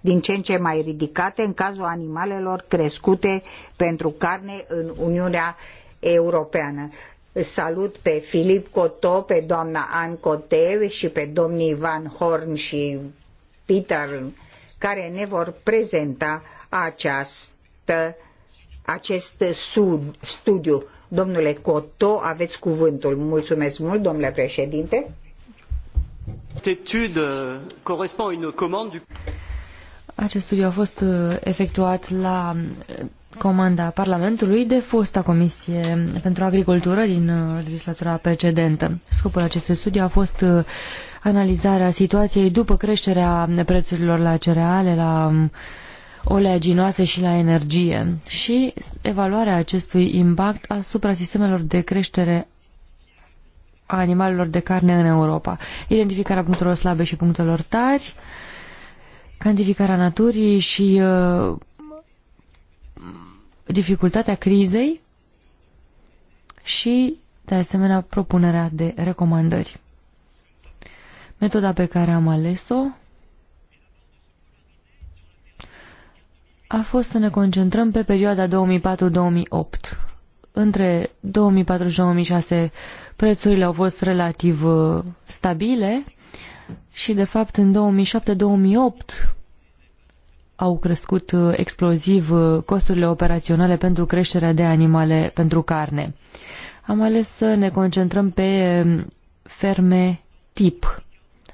din ce în ce mai ridicate în cazul animalelor crescute pentru carne în Uniunea Europeană. Salut pe Filip Coto, pe doamna Ann Cote și pe domnii Ivan Horn și Peter care ne vor prezenta această, acest studiu. Domnule Coto, aveți cuvântul. Mulțumesc mult, domnule președinte. Acest studiu a fost uh, efectuat la uh, comanda Parlamentului de fosta Comisie pentru Agricultură din uh, legislatura precedentă. Scopul acestui studiu a fost analizarea situației după creșterea prețurilor la cereale, la um, oleaginoase și la energie și evaluarea acestui impact asupra sistemelor de creștere a animalelor de carne în Europa, identificarea punctelor slabe și punctelor tari, cantificarea naturii și uh, dificultatea crizei și, de asemenea, propunerea de recomandări. Metoda pe care am ales-o a fost să ne concentrăm pe perioada 2004-2008. Între 2004 și 2006 prețurile au fost relativ uh, stabile și, de fapt, în 2007-2008 au crescut uh, exploziv uh, costurile operaționale pentru creșterea de animale pentru carne. Am ales să ne concentrăm pe um, ferme tip.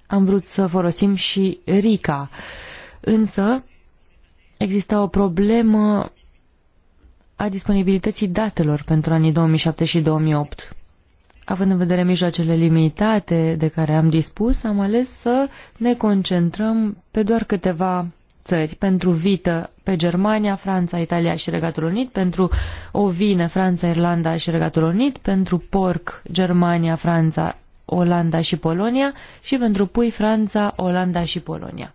Am vrut să folosim și RICA, însă exista o problemă a disponibilității datelor pentru anii 2007 și 2008. Având în vedere mijloacele limitate de care am dispus, am ales să ne concentrăm pe doar câteva țări. Pentru vită, pe Germania, Franța, Italia și Regatul Unit, pentru ovine, Franța, Irlanda și Regatul Unit, pentru porc, Germania, Franța, Olanda și Polonia și pentru pui, Franța, Olanda și Polonia.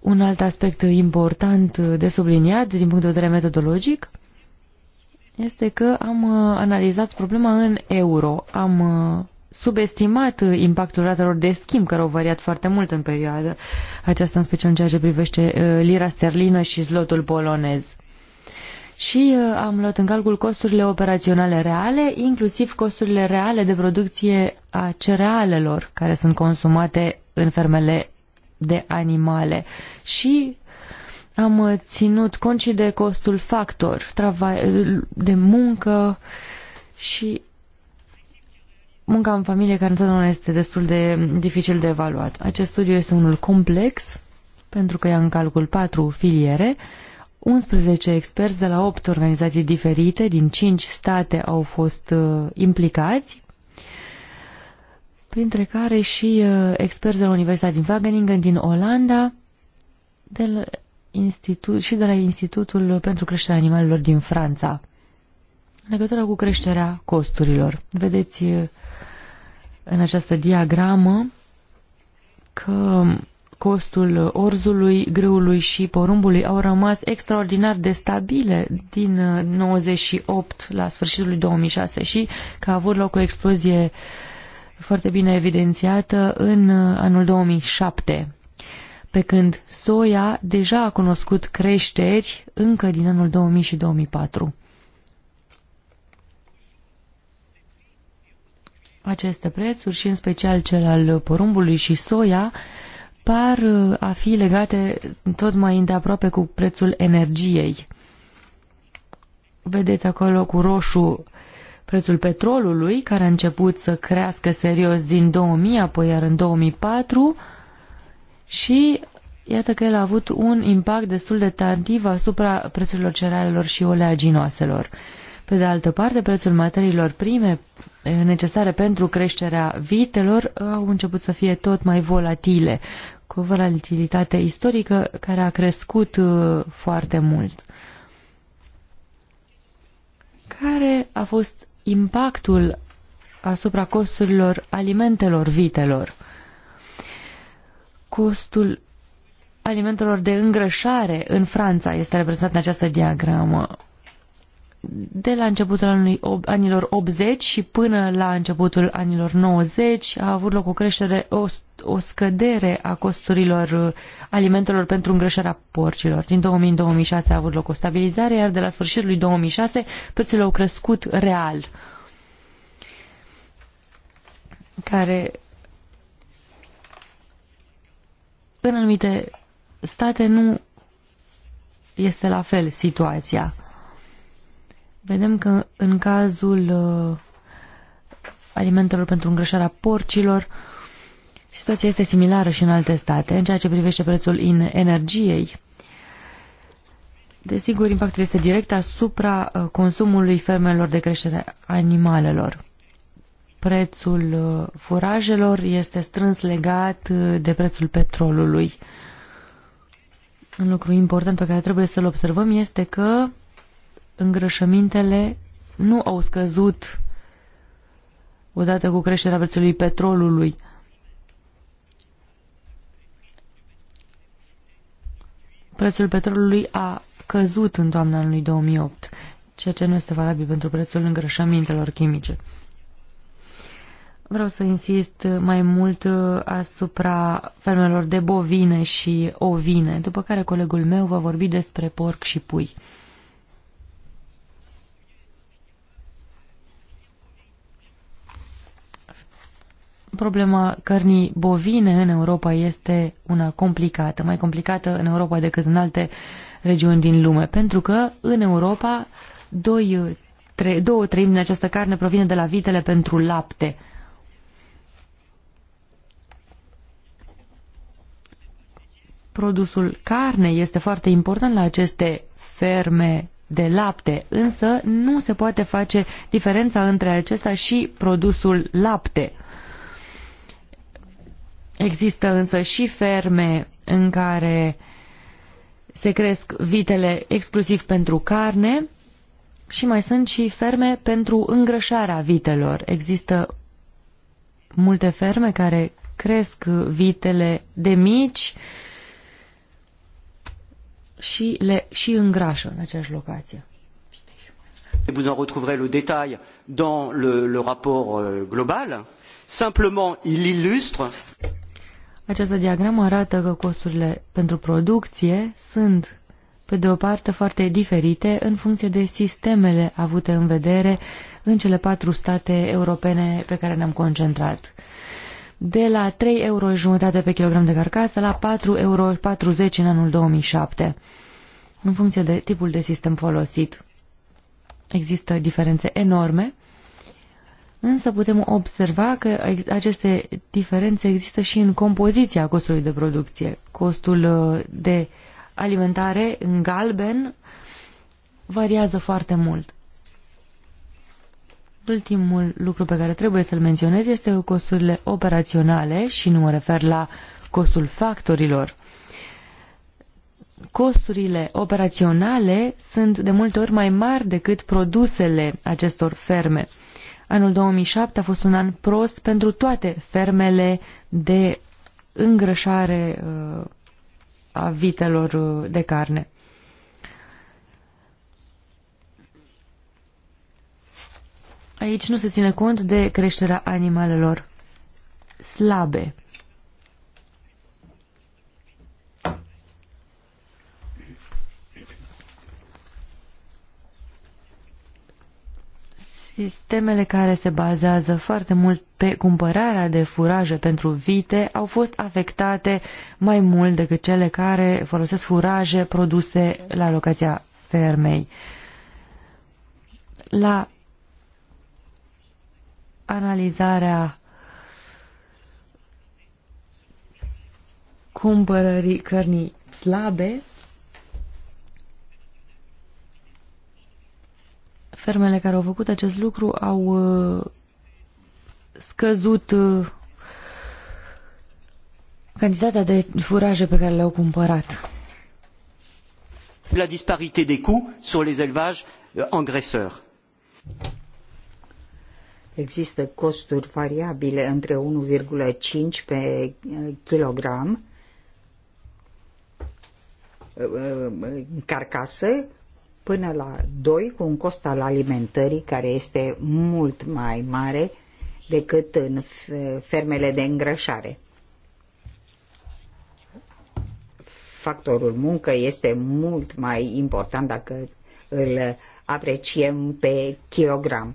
Un alt aspect important de subliniat din punct de vedere metodologic este că am uh, analizat problema în euro. Am uh, subestimat impactul ratelor de schimb care au variat foarte mult în perioadă, aceasta în special în ceea ce privește uh, lira sterlină și zlotul polonez. Și am luat în calcul costurile operaționale reale, inclusiv costurile reale de producție a cerealelor care sunt consumate în fermele de animale și am uh, ținut cont și de costul factor de muncă și munca în familie care întotdeauna este destul de dificil de evaluat. Acest studiu este unul complex pentru că ia în calcul patru filiere 11 experți de la 8 organizații diferite din 5 state au fost uh, implicați printre care și uh, experți de la Universitatea din Wageningen, din Olanda, de la institut, și de la Institutul pentru Creșterea Animalelor din Franța, în legătură cu creșterea costurilor. Vedeți uh, în această diagramă că costul orzului, grâului și porumbului au rămas extraordinar de stabile din 98 uh, la sfârșitul lui 2006 și că a avut loc o explozie uh, foarte bine evidențiată în uh, anul 2007, pe când soia deja a cunoscut creșteri încă din anul 2000 și 2004. Aceste prețuri și în special cel al porumbului și soia par uh, a fi legate tot mai îndeaproape cu prețul energiei. Vedeți acolo cu roșu prețul petrolului, care a început să crească serios din 2000, apoi iar în 2004 și iată că el a avut un impact destul de tardiv asupra prețurilor cerealelor și oleaginoaselor. Pe de altă parte, prețul materiilor prime eh, necesare pentru creșterea vitelor au început să fie tot mai volatile, cu o volatilitate istorică care a crescut eh, foarte mult. Care a fost impactul asupra costurilor alimentelor vitelor. Costul alimentelor de îngrășare în Franța este reprezentat în această diagramă de la începutul anului, anilor 80 și până la începutul anilor 90 a avut loc o creștere, o, o scădere a costurilor uh, alimentelor pentru îngrășarea porcilor. Din 2000 în 2006 a avut loc o stabilizare, iar de la sfârșitul lui 2006 prețurile au crescut real. Care în anumite state nu este la fel situația. Vedem că în cazul uh, alimentelor pentru îngrășarea porcilor, situația este similară și în alte state. În ceea ce privește prețul în energiei, desigur, impactul este direct asupra uh, consumului fermelor de creștere animalelor. Prețul uh, furajelor este strâns legat de prețul petrolului. Un lucru important pe care trebuie să-l observăm este că îngrășămintele nu au scăzut odată cu creșterea prețului petrolului. Prețul petrolului a căzut în toamna anului 2008, ceea ce nu este valabil pentru prețul îngrășămintelor chimice. Vreau să insist mai mult uh, asupra fermelor de bovine și ovine, după care colegul meu va vorbi despre porc și pui. problema cărnii bovine în Europa este una complicată, mai complicată în Europa decât în alte regiuni din lume, pentru că în Europa doi, tre, două treimi din această carne provine de la vitele pentru lapte. Produsul carne este foarte important la aceste ferme de lapte, însă nu se poate face diferența între acesta și produsul lapte. Există însă și ferme în care se cresc vitele exclusiv pentru carne și mai sunt și ferme pentru îngrășarea vitelor. Există multe ferme care cresc vitele de mici și le și îngrașă în aceeași locație. Vous en retrouverez le détail dans le, le rapport euh, global. Simplement, il illustre această diagramă arată că costurile pentru producție sunt, pe de o parte, foarte diferite în funcție de sistemele avute în vedere în cele patru state europene pe care ne-am concentrat. De la 3 euro jumătate pe kilogram de carcasă la 4 euro 40 în anul 2007, în funcție de tipul de sistem folosit. Există diferențe enorme Însă putem observa că aceste diferențe există și în compoziția costului de producție. Costul uh, de alimentare în galben variază foarte mult. Ultimul lucru pe care trebuie să-l menționez este costurile operaționale și nu mă refer la costul factorilor. Costurile operaționale sunt de multe ori mai mari decât produsele acestor ferme. Anul 2007 a fost un an prost pentru toate fermele de îngrășare uh, a vitelor uh, de carne. Aici nu se ține cont de creșterea animalelor slabe. Sistemele care se bazează foarte mult pe cumpărarea de furaje pentru vite au fost afectate mai mult decât cele care folosesc furaje produse la locația fermei. La analizarea cumpărării cărnii slabe, Fermele care au făcut acest lucru au uh, scăzut uh, cantitatea de furaje pe care le-au cumpărat. La disparité des coûts sur les élevages euh, engraisseurs. Există costuri variabile între 1,5 pe uh, kilogram carcasă până la 2 cu un cost al alimentării care este mult mai mare decât în fermele de îngrășare. Factorul muncă este mult mai important dacă îl apreciem pe kilogram.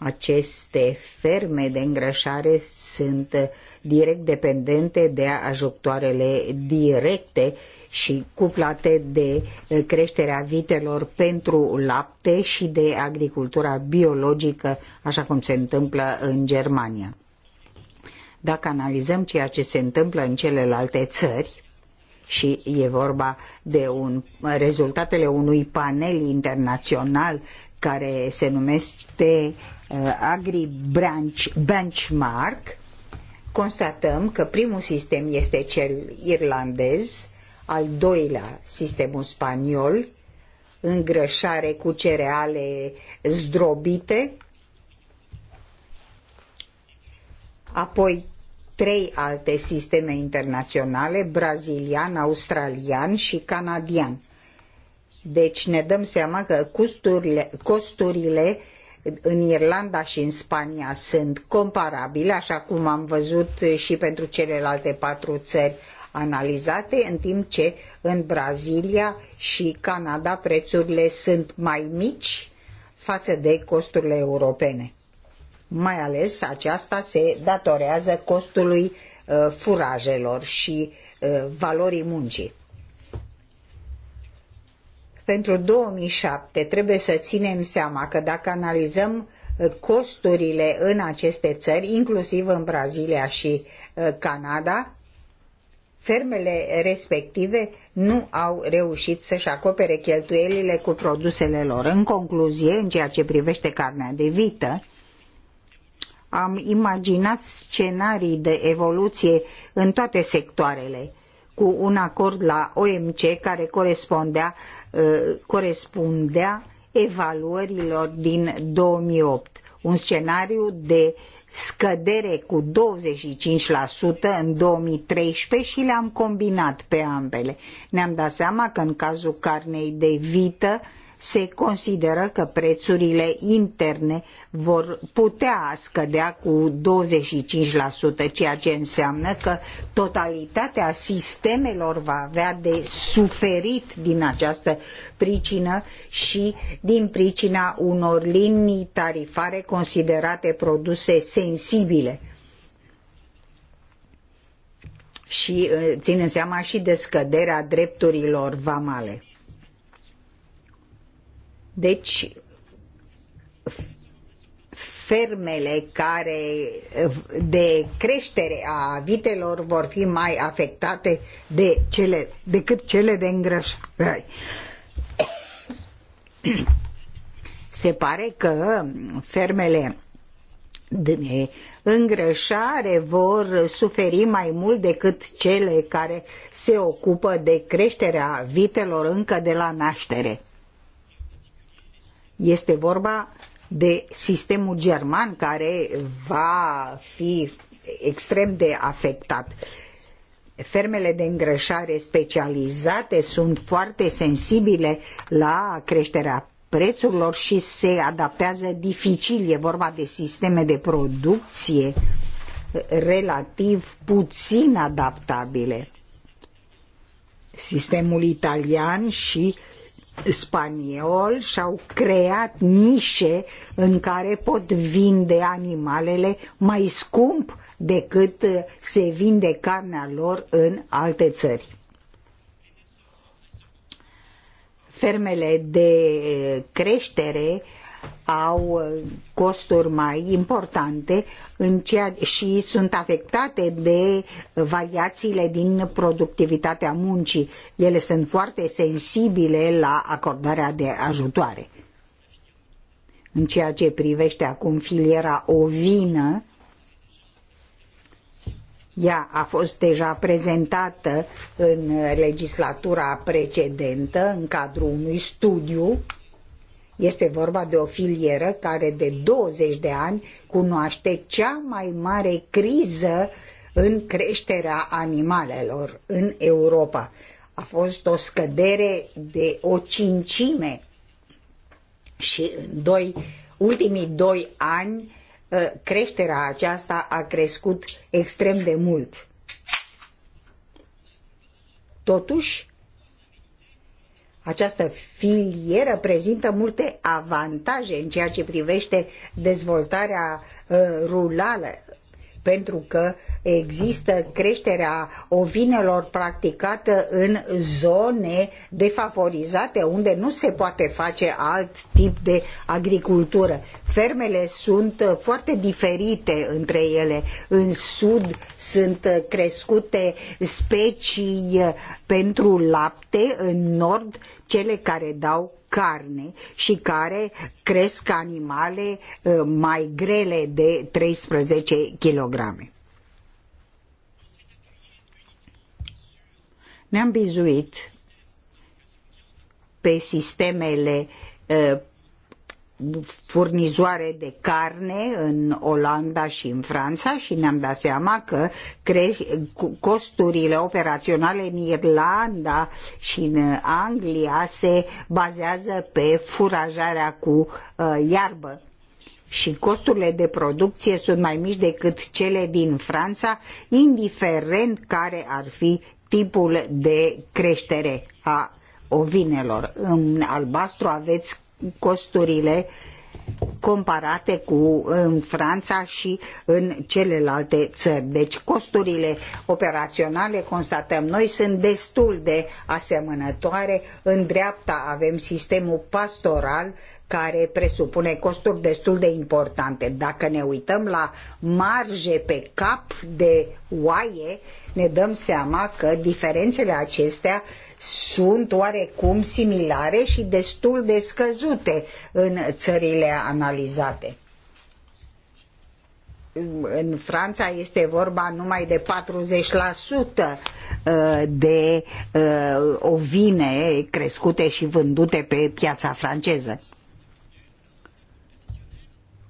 Aceste ferme de îngrășare sunt direct dependente de ajutoarele directe și cuplate de creșterea vitelor pentru lapte și de agricultura biologică, așa cum se întâmplă în Germania. Dacă analizăm ceea ce se întâmplă în celelalte țări, și e vorba de un, rezultatele unui panel internațional care se numește Uh, Agri Branch Benchmark, constatăm că primul sistem este cel irlandez, al doilea sistemul spaniol, îngrășare cu cereale zdrobite, apoi trei alte sisteme internaționale, brazilian, australian și canadian. Deci ne dăm seama că costurile, costurile în Irlanda și în Spania sunt comparabile, așa cum am văzut și pentru celelalte patru țări analizate, în timp ce în Brazilia și Canada prețurile sunt mai mici față de costurile europene. Mai ales aceasta se datorează costului uh, furajelor și uh, valorii muncii pentru 2007 trebuie să ținem seama că dacă analizăm uh, costurile în aceste țări, inclusiv în Brazilia și uh, Canada, fermele respective nu au reușit să-și acopere cheltuielile cu produsele lor. În concluzie, în ceea ce privește carnea de vită, am imaginat scenarii de evoluție în toate sectoarele, cu un acord la OMC care corespundea Uh, corespundea evaluărilor din 2008. Un scenariu de scădere cu 25% în 2013 și le-am combinat pe ambele. Ne-am dat seama că în cazul carnei de vită se consideră că prețurile interne vor putea scădea cu 25%, ceea ce înseamnă că totalitatea sistemelor va avea de suferit din această pricină și din pricina unor linii tarifare considerate produse sensibile și ă, ținând seama și de scăderea drepturilor vamale. Deci, fermele care de creștere a vitelor vor fi mai afectate de cele, decât cele de îngrășare. Se pare că fermele de îngrășare vor suferi mai mult decât cele care se ocupă de creșterea vitelor încă de la naștere. Este vorba de sistemul german care va fi extrem de afectat. Fermele de îngrășare specializate sunt foarte sensibile la creșterea prețurilor și se adaptează dificil. E vorba de sisteme de producție relativ puțin adaptabile. Sistemul italian și spaniol și-au creat nișe în care pot vinde animalele mai scump decât uh, se vinde carnea lor în alte țări. Fermele de uh, creștere au uh, costuri mai importante în ceea, și sunt afectate de variațiile din productivitatea muncii. Ele sunt foarte sensibile la acordarea de ajutoare. În ceea ce privește acum filiera ovină, ea a fost deja prezentată în legislatura precedentă, în cadrul unui studiu este vorba de o filieră care de 20 de ani cunoaște cea mai mare criză în creșterea animalelor în Europa. A fost o scădere de o cincime și în doi, ultimii doi ani ă, creșterea aceasta a crescut extrem de mult. Totuși, această filieră prezintă multe avantaje în ceea ce privește dezvoltarea uh, rurală, pentru că există creșterea ovinelor practicată în zone defavorizate unde nu se poate face alt tip de agricultură. Fermele sunt foarte diferite între ele. În sud sunt crescute specii pentru lapte, în nord cele care dau carne și care cresc animale uh, mai grele de 13 kg programe. Ne-am bizuit pe sistemele uh, furnizoare de carne în Olanda și în Franța și ne-am dat seama că costurile operaționale în Irlanda și în Anglia se bazează pe furajarea cu uh, iarbă și costurile de producție sunt mai mici decât cele din Franța, indiferent care ar fi tipul de creștere a ovinelor. În albastru aveți costurile comparate cu în Franța și în celelalte țări. Deci costurile operaționale, constatăm noi, sunt destul de asemănătoare. În dreapta avem sistemul pastoral care presupune costuri destul de importante. Dacă ne uităm la marje pe cap de oaie, ne dăm seama că diferențele acestea sunt oarecum similare și destul de scăzute în țările analizate. În Franța este vorba numai de 40% uh, de uh, ovine crescute și vândute pe piața franceză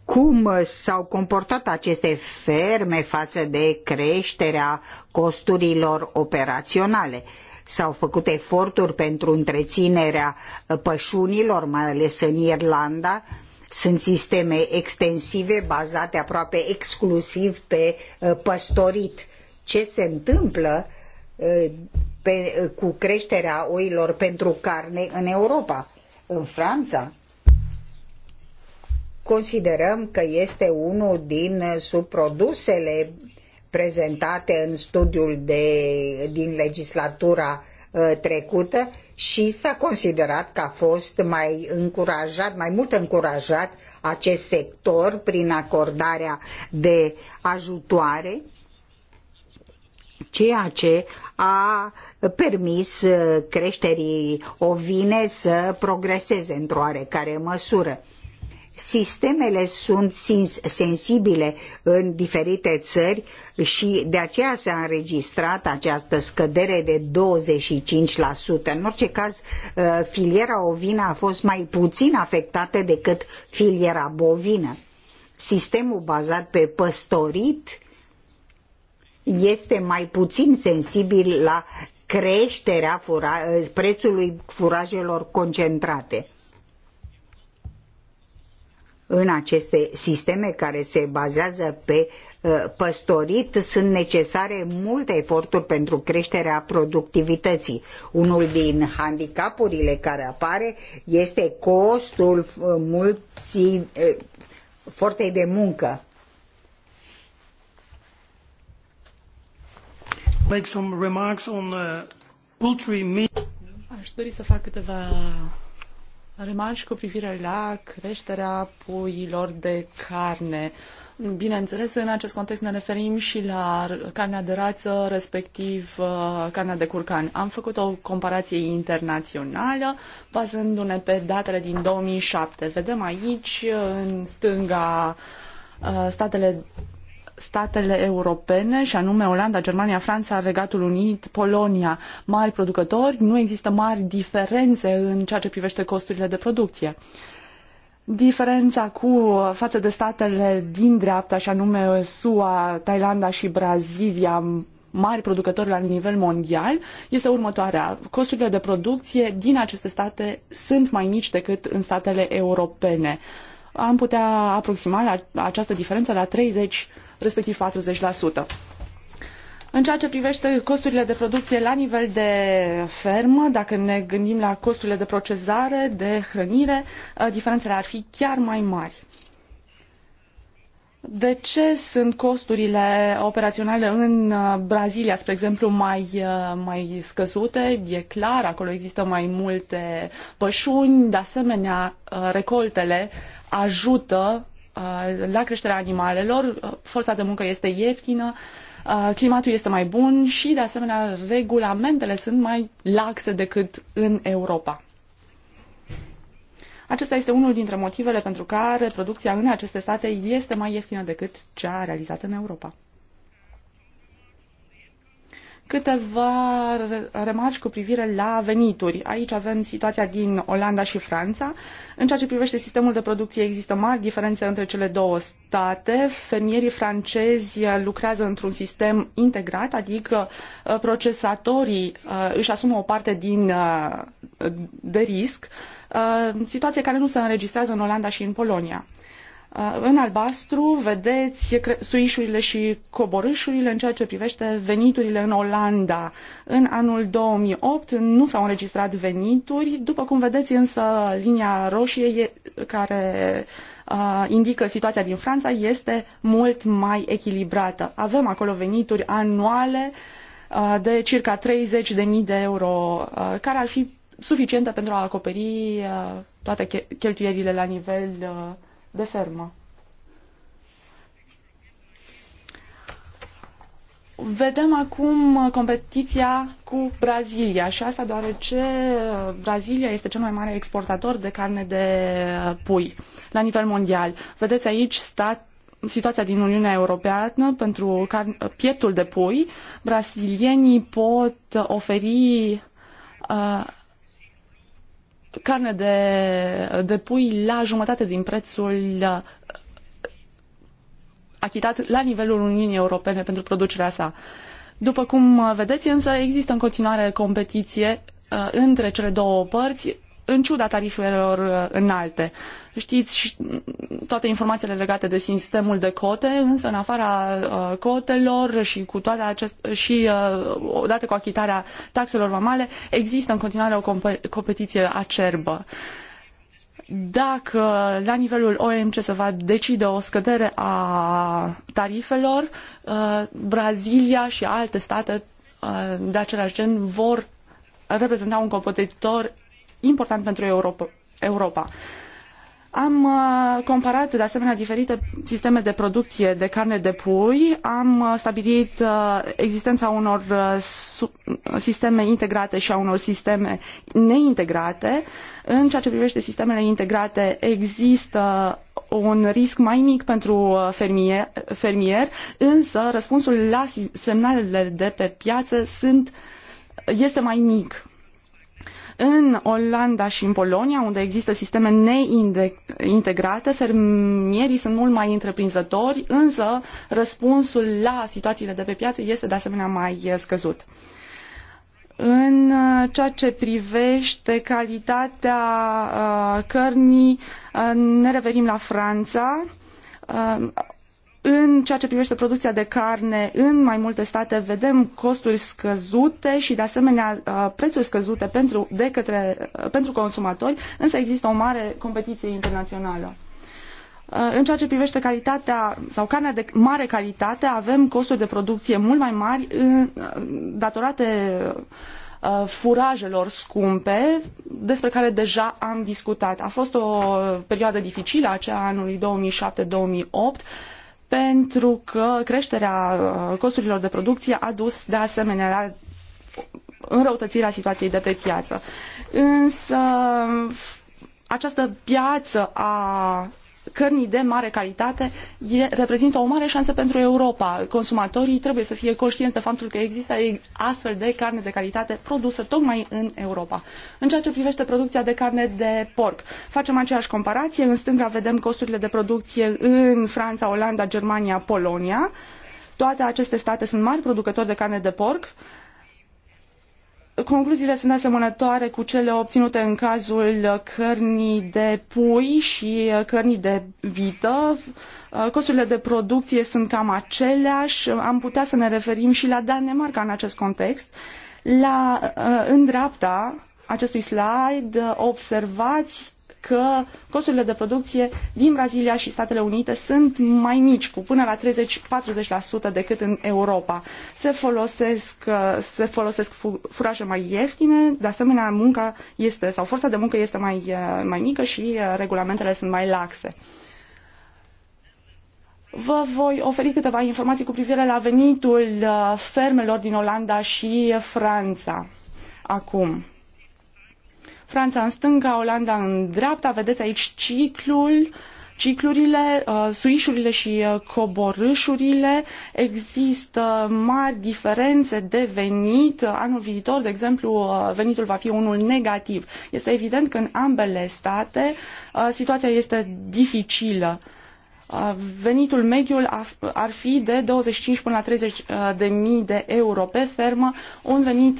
cum s-au comportat aceste ferme față de creșterea costurilor operaționale. S-au făcut eforturi pentru întreținerea pășunilor, mai ales în Irlanda. Sunt sisteme extensive bazate aproape exclusiv pe uh, păstorit. Ce se întâmplă uh, pe, uh, cu creșterea oilor pentru carne în Europa? În Franța, considerăm că este unul din subprodusele prezentate în studiul de, din legislatura uh, trecută și s-a considerat că a fost mai încurajat, mai mult încurajat acest sector prin acordarea de ajutoare ceea ce a permis uh, creșterii ovine să progreseze într-o oarecare măsură. Sistemele sunt sensibile în diferite țări și de aceea s-a înregistrat această scădere de 25%. În orice caz, uh, filiera ovină a fost mai puțin afectată decât filiera bovină. Sistemul bazat pe păstorit este mai puțin sensibil la creșterea fura- prețului furajelor concentrate în aceste sisteme care se bazează pe uh, păstorit sunt necesare multe eforturi pentru creșterea productivității. Unul din handicapurile care apare este costul uh, mulții, uh, forței de muncă. Make some remarks on poultry meat. Aș dori să fac câteva remarci cu privire la creșterea puilor de carne. Bineînțeles, în acest context ne referim și la carnea de rață, respectiv uh, carnea de curcan. Am făcut o comparație internațională, bazându-ne pe datele din 2007. Vedem aici, în stânga, uh, statele statele europene, și anume Olanda, Germania, Franța, Regatul Unit, Polonia, mari producători, nu există mari diferențe în ceea ce privește costurile de producție. Diferența cu față de statele din dreapta, și anume SUA, Thailanda și Brazilia, mari producători la nivel mondial, este următoarea. Costurile de producție din aceste state sunt mai mici decât în statele europene am putea aproxima la această diferență la 30, respectiv 40%. În ceea ce privește costurile de producție la nivel de fermă, dacă ne gândim la costurile de procesare, de hrănire, uh, diferențele ar fi chiar mai mari. De ce sunt costurile operaționale în uh, Brazilia, spre exemplu, mai, uh, mai scăzute? E clar, acolo există mai multe pășuni, de asemenea, uh, recoltele ajută la creșterea animalelor, forța de muncă este ieftină, climatul este mai bun și, de asemenea, regulamentele sunt mai laxe decât în Europa. Acesta este unul dintre motivele pentru care producția în aceste state este mai ieftină decât cea realizată în Europa. Câteva remarci cu privire la venituri. Aici avem situația din Olanda și Franța. În ceea ce privește sistemul de producție, există mari diferențe între cele două state. Fermierii francezi lucrează într-un sistem integrat, adică uh, procesatorii uh, își asumă o parte din, uh, de risc Uh, situație care nu se înregistrează în Olanda și în Polonia. Uh, în albastru vedeți suișurile și coborâșurile în ceea ce privește veniturile în Olanda. În anul 2008 nu s-au înregistrat venituri, după cum vedeți însă linia roșie care uh, indică situația din Franța este mult mai echilibrată. Avem acolo venituri anuale uh, de circa 30.000 de euro, care ar fi Suficientă pentru a acoperi uh, toate cheltuierile la nivel uh, de fermă. Vedem acum uh, competiția cu Brazilia și asta deoarece Brazilia este cel mai mare exportator de carne de pui la nivel mondial. Vedeți aici stat, situația din Uniunea Europeană pentru car- de pui. Brazilienii pot oferi uh, carne de, de pui la jumătate din prețul uh, achitat la nivelul Uniunii Europene pentru producerea sa. După cum vedeți, însă, există în continuare competiție uh, între cele două părți, în ciuda tarifelor uh, înalte. Știți toate informațiile legate de sistemul de cote, însă în afara uh, cotelor și cu toate acest, și uh, odată cu achitarea taxelor vamale, există în continuare o competiție acerbă dacă la nivelul OMC se va decide o scădere a tarifelor, uh, Brazilia și alte state de același gen vor reprezenta un competitor important pentru Europa. Am uh, comparat de asemenea diferite sisteme de producție de carne de pui, am uh, stabilit uh, existența unor sisteme integrate și a unor sisteme neintegrate. În ceea ce privește sistemele integrate există un risc mai mic pentru fermier, fermier însă răspunsul la semnalele de pe piață sunt, este mai mic în Olanda și în Polonia, unde există sisteme neintegrate, fermierii sunt mult mai întreprinzători, însă răspunsul la situațiile de pe piață este de asemenea mai scăzut. În uh, ceea ce privește calitatea uh, cărnii, uh, ne referim la Franța în ceea ce privește producția de carne, în mai multe state vedem costuri scăzute și de asemenea uh, prețuri scăzute pentru, de către, uh, pentru consumatori, însă există o mare competiție internațională. Uh, în ceea ce privește calitatea sau carnea de mare calitate, avem costuri de producție mult mai mari datorate furajelor scumpe, despre care deja am discutat. A fost o perioadă dificilă aceea anului 2007-2008, pentru că creșterea uh, costurilor de producție a dus de asemenea la înrăutățirea situației de pe piață. Însă această piață a cărnii de mare calitate reprezintă o mare șansă pentru Europa. Consumatorii trebuie să fie conștienți de faptul că există astfel de carne de calitate produsă tocmai în Europa. În ceea ce privește producția de carne de porc, facem aceeași comparație. În stânga vedem costurile de producție în Franța, Olanda, Germania, Polonia. Toate aceste state sunt mari producători de carne de porc. Concluziile sunt asemănătoare cu cele obținute în cazul cărnii de pui și cărnii de vită. Costurile de producție sunt cam aceleași. Am putea să ne referim și la Danemarca în acest context. La, în dreapta acestui slide observați că costurile de producție din Brazilia și Statele Unite sunt mai mici, cu până la 30-40% decât în Europa. Se folosesc, uh, se folosesc furaje mai ieftine, de asemenea munca este, sau forța de muncă este mai, uh, mai mică și uh, regulamentele sunt mai laxe vă voi oferi câteva informații cu privire la venitul fermelor din Olanda și Franța acum. Franța în stânga, Olanda în dreapta, vedeți aici ciclul, ciclurile, uh, suișurile și uh, coborâșurile. Există mari diferențe de venit. Anul viitor, de exemplu, uh, venitul va fi unul negativ. Este evident că în ambele state situația este dificilă venitul mediu ar fi de 25 până la 30 de mii de euro pe fermă, un venit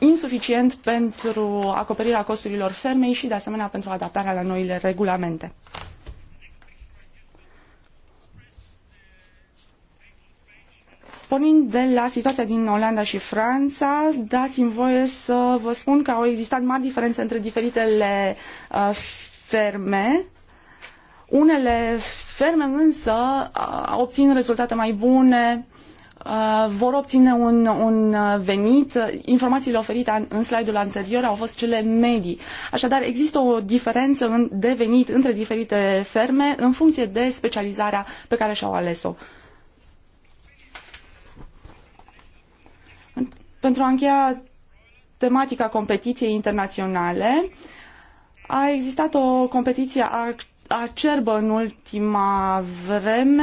insuficient pentru acoperirea costurilor fermei și, de asemenea, pentru adaptarea la noile regulamente. Pornind de la situația din Olanda și Franța, dați-mi voie să vă spun că au existat mari diferențe între diferitele uh, ferme. Unele ferme însă uh, obțin rezultate mai bune Uh, vor obține un, un uh, venit. Informațiile oferite în slide-ul anterior au fost cele medii. Așadar, există o diferență de venit între diferite ferme în funcție de specializarea pe care și-au ales-o. Pentru a încheia tematica competiției internaționale, a existat o competiție a acerbă în ultima vreme.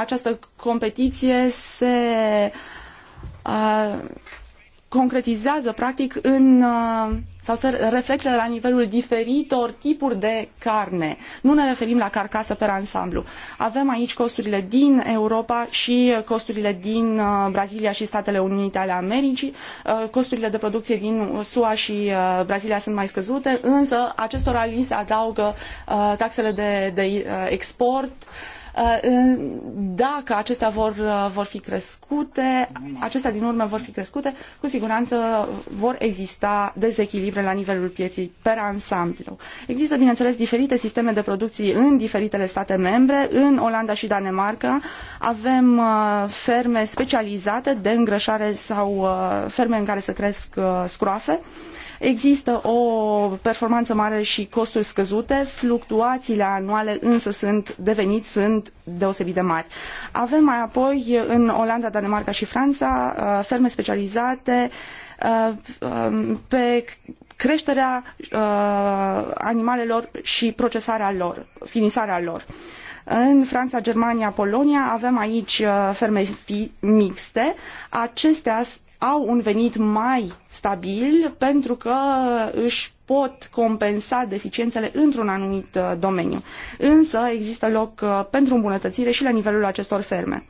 Această competiție se uh, concretizează practic în uh, sau se reflectă la nivelul diferitor tipuri de carne. Nu ne referim la carcasă pe ansamblu. Avem aici costurile din Europa și costurile din uh, Brazilia și Statele Unite ale Americii. Uh, costurile de producție din SUA și Brazilia sunt mai scăzute, însă acestora li se adaugă taxele de, de export, Uh, dacă acestea vor, uh, vor fi crescute, acestea din urmă vor fi crescute, cu siguranță vor exista dezechilibre la nivelul pieței per ansamblu. Există, bineînțeles, diferite sisteme de producție în diferitele state membre. În Olanda și Danemarca avem uh, ferme specializate de îngrășare sau ferme în care se cresc scroafe Există o performanță mare și costuri scăzute, fluctuațiile anuale însă sunt devenit sunt deosebit de mari. Avem mai apoi în Olanda, Danemarca și Franța uh, ferme specializate uh, um, pe creșterea uh, animalelor și procesarea lor, finisarea lor. În Franța, Germania, Polonia avem aici ferme mixte. Acestea au un venit mai stabil pentru că își pot compensa deficiențele într-un anumit uh, domeniu. Însă există loc uh, pentru îmbunătățire și la nivelul acestor ferme.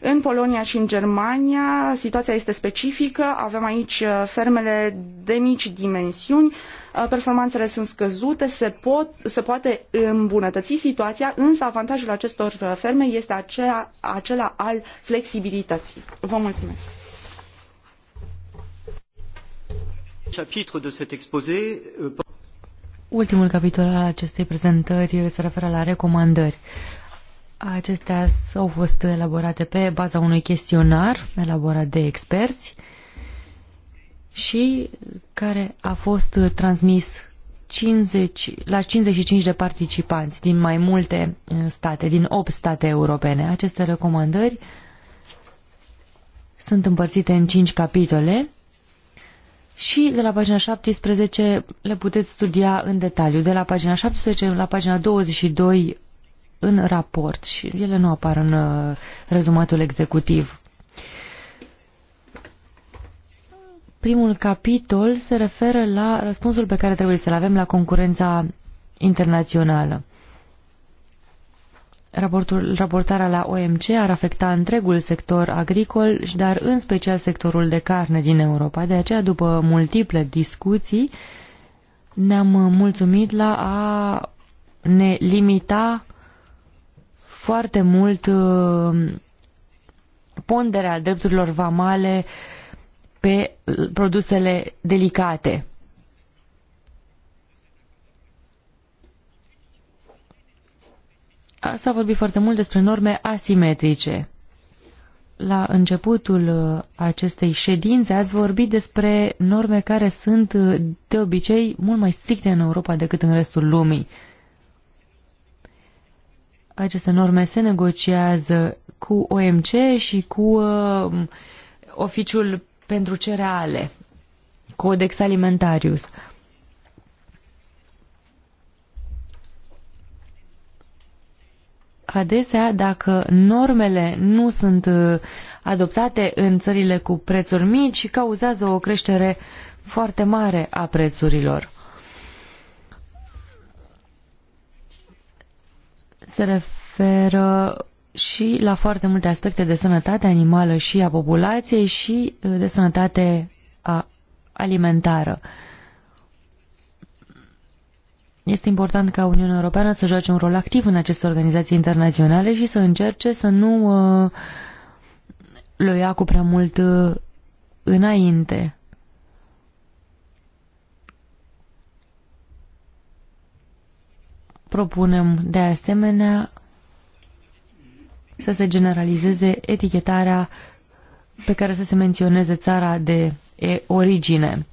În Polonia și în Germania situația este specifică, avem aici uh, fermele de mici dimensiuni, performanțele sunt scăzute, se, pot, se poate îmbunătăți situația, însă avantajul acestor ferme este aceea, acela al flexibilității. Vă mulțumesc! Euh, Ultimul capitol al acestei prezentări se referă la recomandări. Acestea au fost elaborate pe baza unui chestionar elaborat de experți și care a fost transmis 50, la 55 de participanți din mai multe uh, state, din 8 state europene. Aceste recomandări sunt împărțite în 5 capitole și de la pagina 17 le puteți studia în detaliu. De la pagina 17 la pagina 22 în raport și ele nu apar în uh, rezumatul executiv. Primul capitol se referă la răspunsul pe care trebuie să-l avem la concurența internațională. Raportul, raportarea la OMC ar afecta întregul sector agricol, dar în special sectorul de carne din Europa. De aceea, după multiple discuții, ne-am mulțumit la a ne limita foarte mult uh, ponderea drepturilor vamale pe uh, produsele delicate. S-a vorbit foarte mult despre norme asimetrice. La începutul uh, acestei ședințe ați vorbit despre norme care sunt uh, de obicei mult mai stricte în Europa decât în restul lumii. Aceste norme se negociază cu OMC și cu uh, Oficiul pentru Cereale, Codex Alimentarius. Uh, adesea, dacă normele nu sunt uh, adoptate în țările cu prețuri mici, cauzează o creștere foarte mare a prețurilor. Se referă și la foarte multe aspecte de sănătate animală și a populației și uh, de sănătate alimentară. Este important ca Uniunea Europeană să joace un rol activ în aceste organizații internaționale și să încerce să nu uh, le ia cu prea mult uh, înainte. Propunem de asemenea să se generalizeze etichetarea pe care să se menționeze țara de origine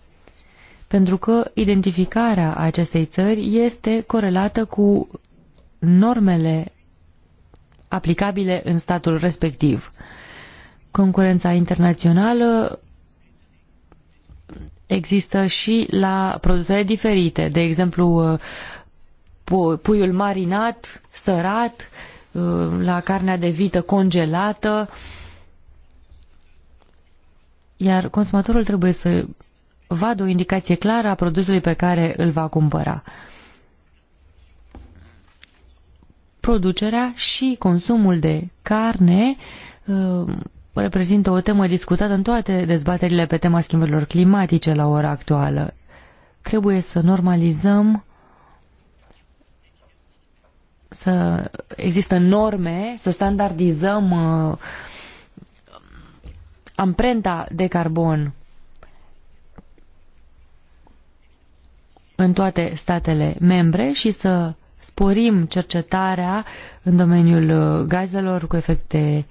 pentru că identificarea acestei țări este corelată cu normele aplicabile în statul respectiv. Concurența internațională există și la produsele diferite, de exemplu uh, puiul marinat, sărat, uh, la carnea de vită congelată, iar consumatorul trebuie să vadă o indicație clară a produsului pe care îl va cumpăra. Producerea și consumul de carne uh, reprezintă o temă discutată în toate dezbaterile pe tema schimbărilor climatice la ora actuală. Trebuie să normalizăm să există norme, să standardizăm uh, amprenta de carbon în toate statele membre și să sporim cercetarea în domeniul uh, gazelor cu efecte de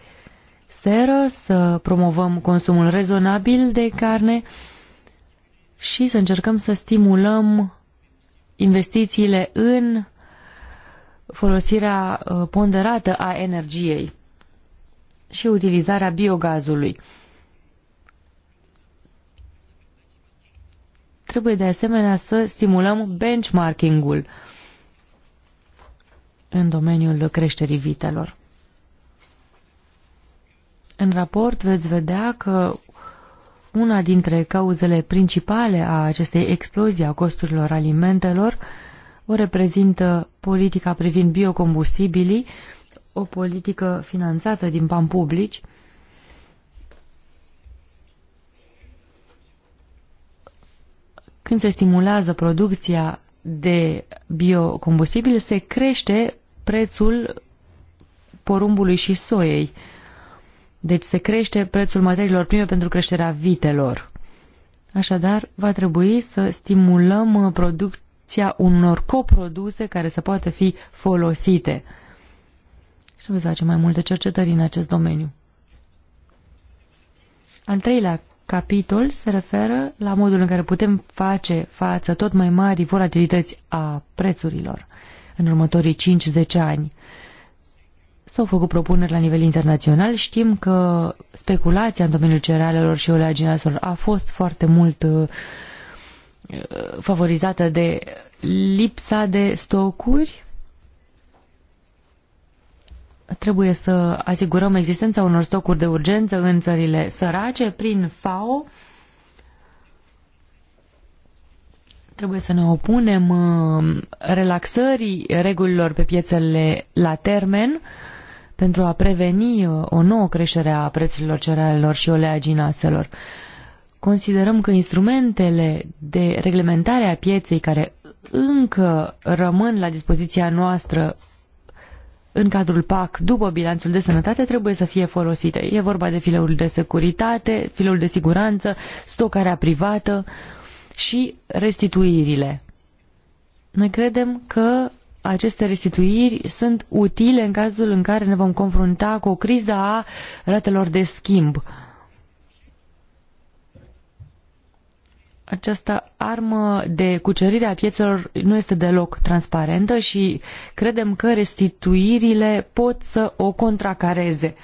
seră, să promovăm consumul rezonabil de carne și să încercăm să stimulăm investițiile în folosirea uh, ponderată a energiei și utilizarea biogazului. Trebuie de asemenea să stimulăm benchmarking-ul în domeniul creșterii vitelor. În raport veți vedea că una dintre cauzele principale a acestei explozii a costurilor alimentelor o reprezintă politica privind biocombustibilii, o politică finanțată din bani publici, Când se stimulează producția de biocombustibil, se crește prețul porumbului și soiei. Deci se crește prețul materiilor prime pentru creșterea vitelor. Așadar, va trebui să stimulăm producția unor coproduse care să poată fi folosite. Și trebuie să facem mai multe cercetări în acest domeniu. Al treilea capitol se referă la modul în care putem face față tot mai mari volatilități a prețurilor în următorii 5-10 ani. S-au făcut propuneri la nivel internațional. Știm că speculația în domeniul cerealelor și oleaginaselor a fost foarte mult uh, uh, favorizată de lipsa de stocuri trebuie să asigurăm existența unor stocuri de urgență în țările sărace prin FAO. Trebuie să ne opunem uh, relaxării regulilor pe piețele la termen pentru a preveni uh, o nouă creștere a prețurilor cerealelor și oleaginaselor. Considerăm că instrumentele de reglementare a pieței care încă rămân la dispoziția noastră în cadrul PAC după bilanțul de sănătate trebuie să fie folosite. E vorba de fileul de securitate, fileul de siguranță, stocarea privată și restituirile. Noi credem că aceste restituiri sunt utile în cazul în care ne vom confrunta cu o criză a ratelor de schimb această armă de cucerire a piețelor nu este deloc transparentă și credem că restituirile pot să o contracareze.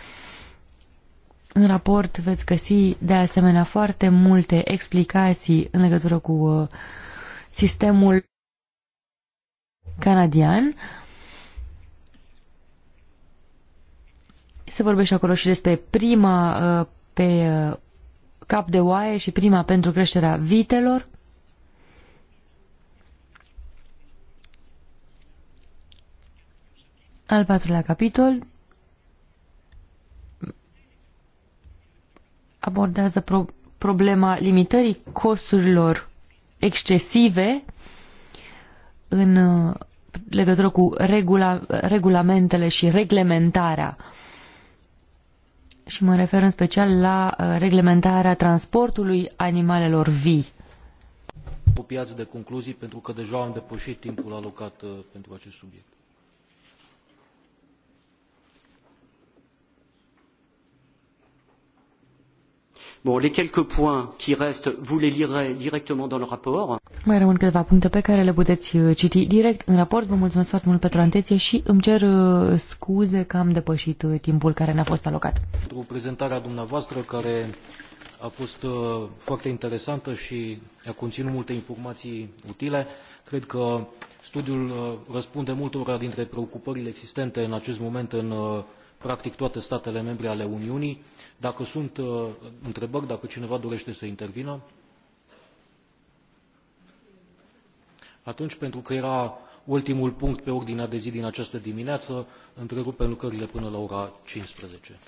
În raport veți găsi de asemenea foarte multe explicații în legătură cu uh, sistemul canadian. Se vorbește acolo și despre prima uh, pe uh, cap de oaie și prima pentru creșterea vitelor. Al patrulea capitol abordează pro problema limitării costurilor excesive în uh, legătură cu regula, regulamentele și reglementarea și mă refer în special la uh, reglementarea transportului animalelor vii. Apropiați de concluzii pentru că deja am depășit timpul alocat uh, pentru acest subiect. Bon, les quelques points qui restent, vous les lirez directement dans le rapport. Mai rămân câteva puncte pe care le puteți uh, citi direct în raport. Vă mulțumesc foarte mult pentru atenție și îmi cer uh, scuze că am depășit uh, timpul care ne-a fost alocat. Pentru prezentarea dumneavoastră care a fost foarte interesantă și a conținut multe informații utile. Cred că studiul răspunde multora dintre preocupările existente în acest moment în practic toate statele membre ale Uniunii dacă sunt uh, întrebări, dacă cineva dorește să intervină, atunci, pentru că era ultimul punct pe ordinea de zi din această dimineață, întrerupem lucrările până la ora 15.